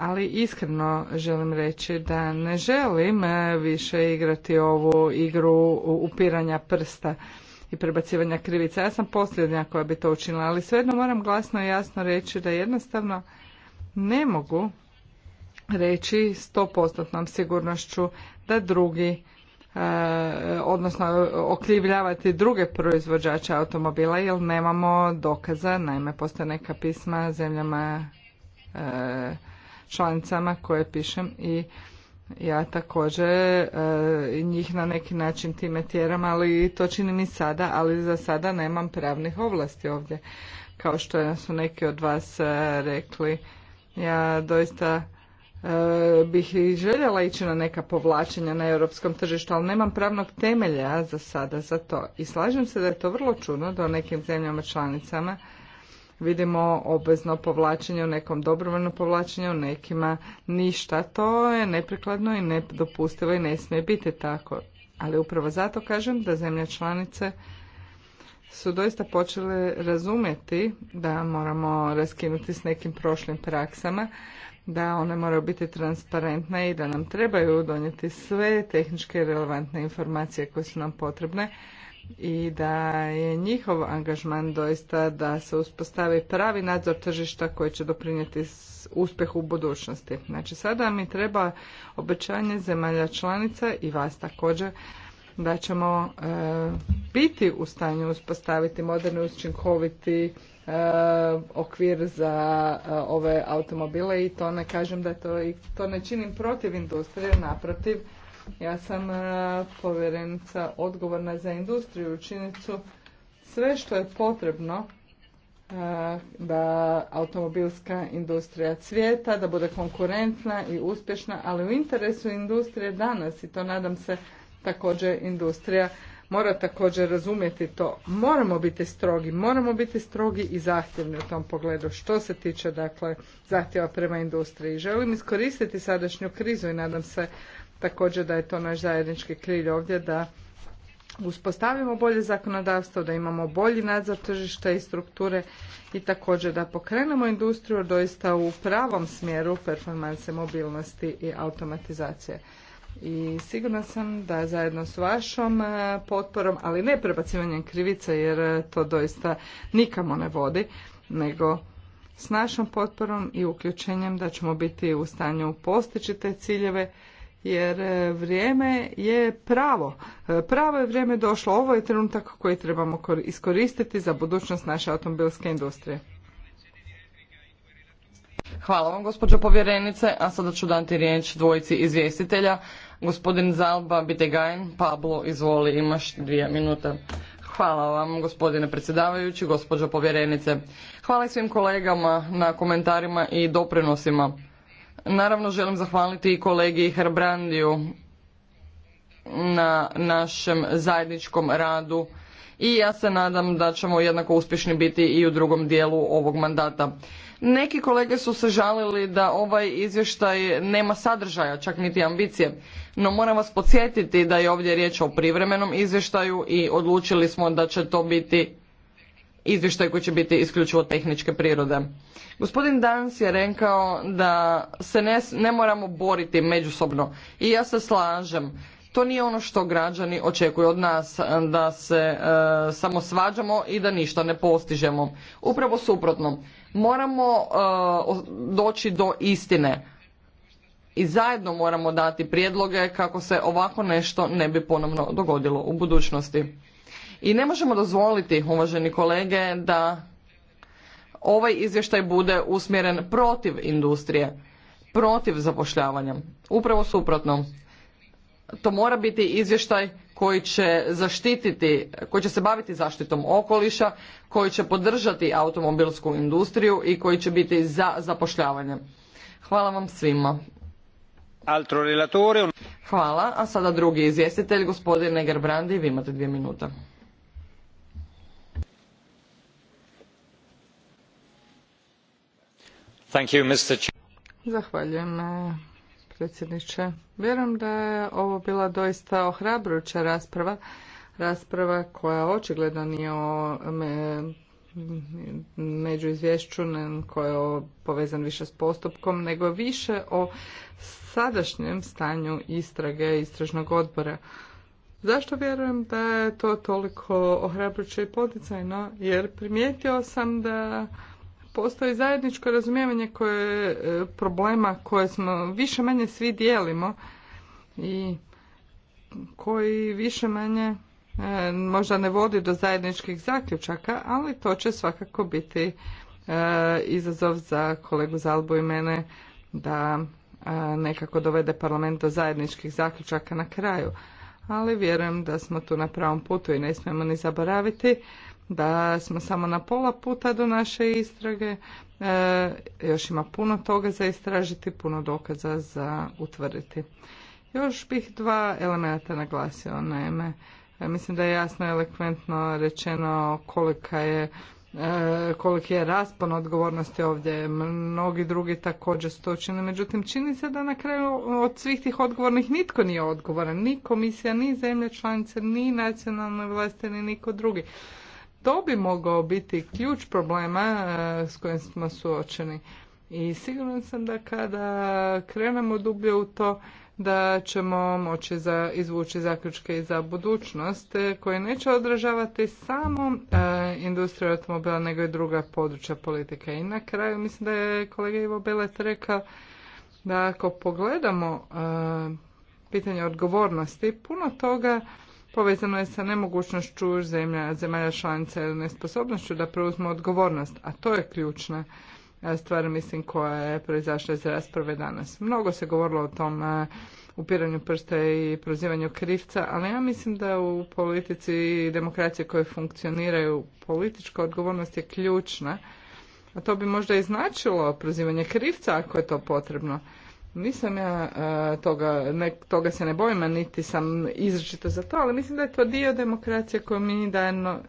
ali iskreno želim reći da ne želim e, više igrati ovu igru upiranja prsta i prebacivanja krivica. Ja sam posljednja koja bi to učinila, ali svejedno moram glasno i jasno reći da jednostavno ne mogu reći stopostotnom sigurnošću da drugi e, odnosno okrivljavati druge proizvođače automobila jer nemamo dokaza, naime postoje neka pisma zemljama e, članicama koje pišem i ja također e, njih na neki način time tjeram, ali to činim i sada, ali za sada nemam pravnih ovlasti ovdje. Kao što su neki od vas e, rekli, ja doista e, bih i željela ići na neka povlačenja na europskom tržištu, ali nemam pravnog temelja za sada za to. I slažem se da je to vrlo čudno da u nekim zemljama članicama vidimo obvezno povlačenje u nekom dobrovoljno povlačenju u nekima ništa. To je neprikladno i nedopustivo i ne smije biti tako. Ali upravo zato kažem da zemlje članice su doista počele razumjeti da moramo raskinuti s nekim prošlim praksama, da one moraju biti transparentne i da nam trebaju donijeti sve tehničke relevantne informacije koje su nam potrebne, i da je njihov angažman doista da se uspostavi pravi nadzor tržišta koji će doprinijeti uspjehu u budućnosti. Znači sada mi treba obećanje zemalja članica i vas također da ćemo e, biti u stanju uspostaviti moderni učinkoviti e, okvir za e, ove automobile i to ne kažem da to i to ne činim protiv industrije, naprotiv ja sam e, povjerenica odgovorna za industriju činjenicu sve što je potrebno e, da automobilska industrija cvijeta, da bude konkurentna i uspješna, ali u interesu industrije danas i to nadam se također industrija mora također razumjeti to. Moramo biti strogi, moramo biti strogi i zahtjevni u tom pogledu što se tiče dakle zahtjeva prema industriji. Želim iskoristiti sadašnju krizu i nadam se također da je to naš zajednički krilj ovdje da uspostavimo bolje zakonodavstvo, da imamo bolji nadzor tržišta i strukture i također da pokrenemo industriju doista u pravom smjeru performanse mobilnosti i automatizacije. I sigurna sam da zajedno s vašom e, potporom, ali ne prebacivanjem krivice jer e, to doista nikamo ne vodi, nego s našom potporom i uključenjem da ćemo biti u stanju postići te ciljeve jer e, vrijeme je pravo. E, pravo je vrijeme došlo. Ovo je trenutak koji trebamo iskoristiti za budućnost naše automobilske industrije. Hvala vam, gospođo povjerenice. A sada ću dati riječ dvojici izvjestitelja. Gospodin Zalba Bitegajn, Pablo, izvoli, imaš dvije minute. Hvala vam, gospodine predsjedavajući, gospođo povjerenice. Hvala svim kolegama na komentarima i doprinosima Naravno želim zahvaliti i kolegi Herbrandiju na našem zajedničkom radu i ja se nadam da ćemo jednako uspješni biti i u drugom dijelu ovog mandata. Neki kolege su se žalili da ovaj izvještaj nema sadržaja, čak niti ambicije, no moram vas podsjetiti da je ovdje riječ o privremenom izvještaju i odlučili smo da će to biti izvještaj koji će biti isključivo tehničke prirode. Gospodin Dans je rekao da se ne, moramo boriti međusobno i ja se slažem. To nije ono što građani očekuju od nas, da se e, samo svađamo i da ništa ne postižemo. Upravo suprotno, moramo e, doći do istine i zajedno moramo dati prijedloge kako se ovako nešto ne bi ponovno dogodilo u budućnosti. I ne možemo dozvoliti, uvaženi kolege, da ovaj izvještaj bude usmjeren protiv industrije, protiv zapošljavanja. Upravo suprotno. To mora biti izvještaj koji će zaštititi, koji će se baviti zaštitom okoliša, koji će podržati automobilsku industriju i koji će biti za zapošljavanje. Hvala vam svima. Hvala, a sada drugi izvjestitelj, gospodin Negar Brandi, vi imate dvije minute. Zahvaljujem eh, predsjedniče. Vjerujem da je ovo bila doista ohrabrujuća rasprava, rasprava koja očigledno nije o meuizvjeu među je povezan više s postupkom, nego više o sadašnjem stanju istrage istražnog odbora. Zašto vjerujem da je to toliko ohrabrujuće i poticajno? Jer primijetio sam da postoji zajedničko razumijevanje koje, je problema koje smo više manje svi dijelimo i koji više manje e, možda ne vodi do zajedničkih zaključaka, ali to će svakako biti e, izazov za kolegu Zalbu i mene da e, nekako dovede parlament do zajedničkih zaključaka na kraju. Ali vjerujem da smo tu na pravom putu i ne smijemo ni zaboraviti da smo samo na pola puta do naše istrage. E, još ima puno toga za istražiti, puno dokaza za utvrditi. Još bih dva elementa naglasio. Naime, e, mislim da je jasno i elekventno rečeno kolika je e, koliki je raspon odgovornosti ovdje. Mnogi drugi također su to učinili. Međutim, čini se da na kraju od svih tih odgovornih nitko nije odgovoran. Ni komisija, ni zemlje članice, ni nacionalne vlasti, ni niko drugi. To bi mogao biti ključ problema e, s kojim smo suočeni. I sigurno sam da kada krenemo dublje u to, da ćemo moći za, izvući zaključke i za budućnost e, koje neće odražavati samo e, industriju automobila nego i druga područja politike. I na kraju mislim da je kolega Ivo Belet rekao da ako pogledamo e, pitanje odgovornosti, puno toga povezano je sa nemogućnošću zemlja, zemalja članica ili nesposobnošću da preuzmu odgovornost, a to je ključna e, stvar, mislim, koja je proizašla iz rasprave danas. Mnogo se govorilo o tom e, upiranju prsta i prozivanju krivca, ali ja mislim da u politici demokracije koje funkcioniraju politička odgovornost je ključna, a to bi možda i značilo prozivanje krivca ako je to potrebno. Nisam ja e, toga, toga se ne bojim, a niti sam izričito za to, ali mislim da je to dio demokracije koju mi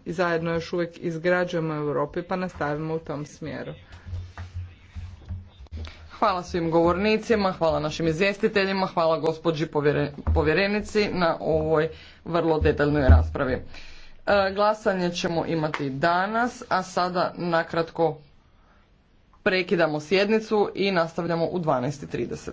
zajedno još uvijek izgrađujemo u Europi pa nastavimo u tom smjeru. Hvala svim govornicima, hvala našim izvjestiteljima, hvala gospođi povjerenici na ovoj vrlo detaljnoj raspravi. E, glasanje ćemo imati danas, a sada nakratko Prekidamo sjednicu i nastavljamo u 12.30.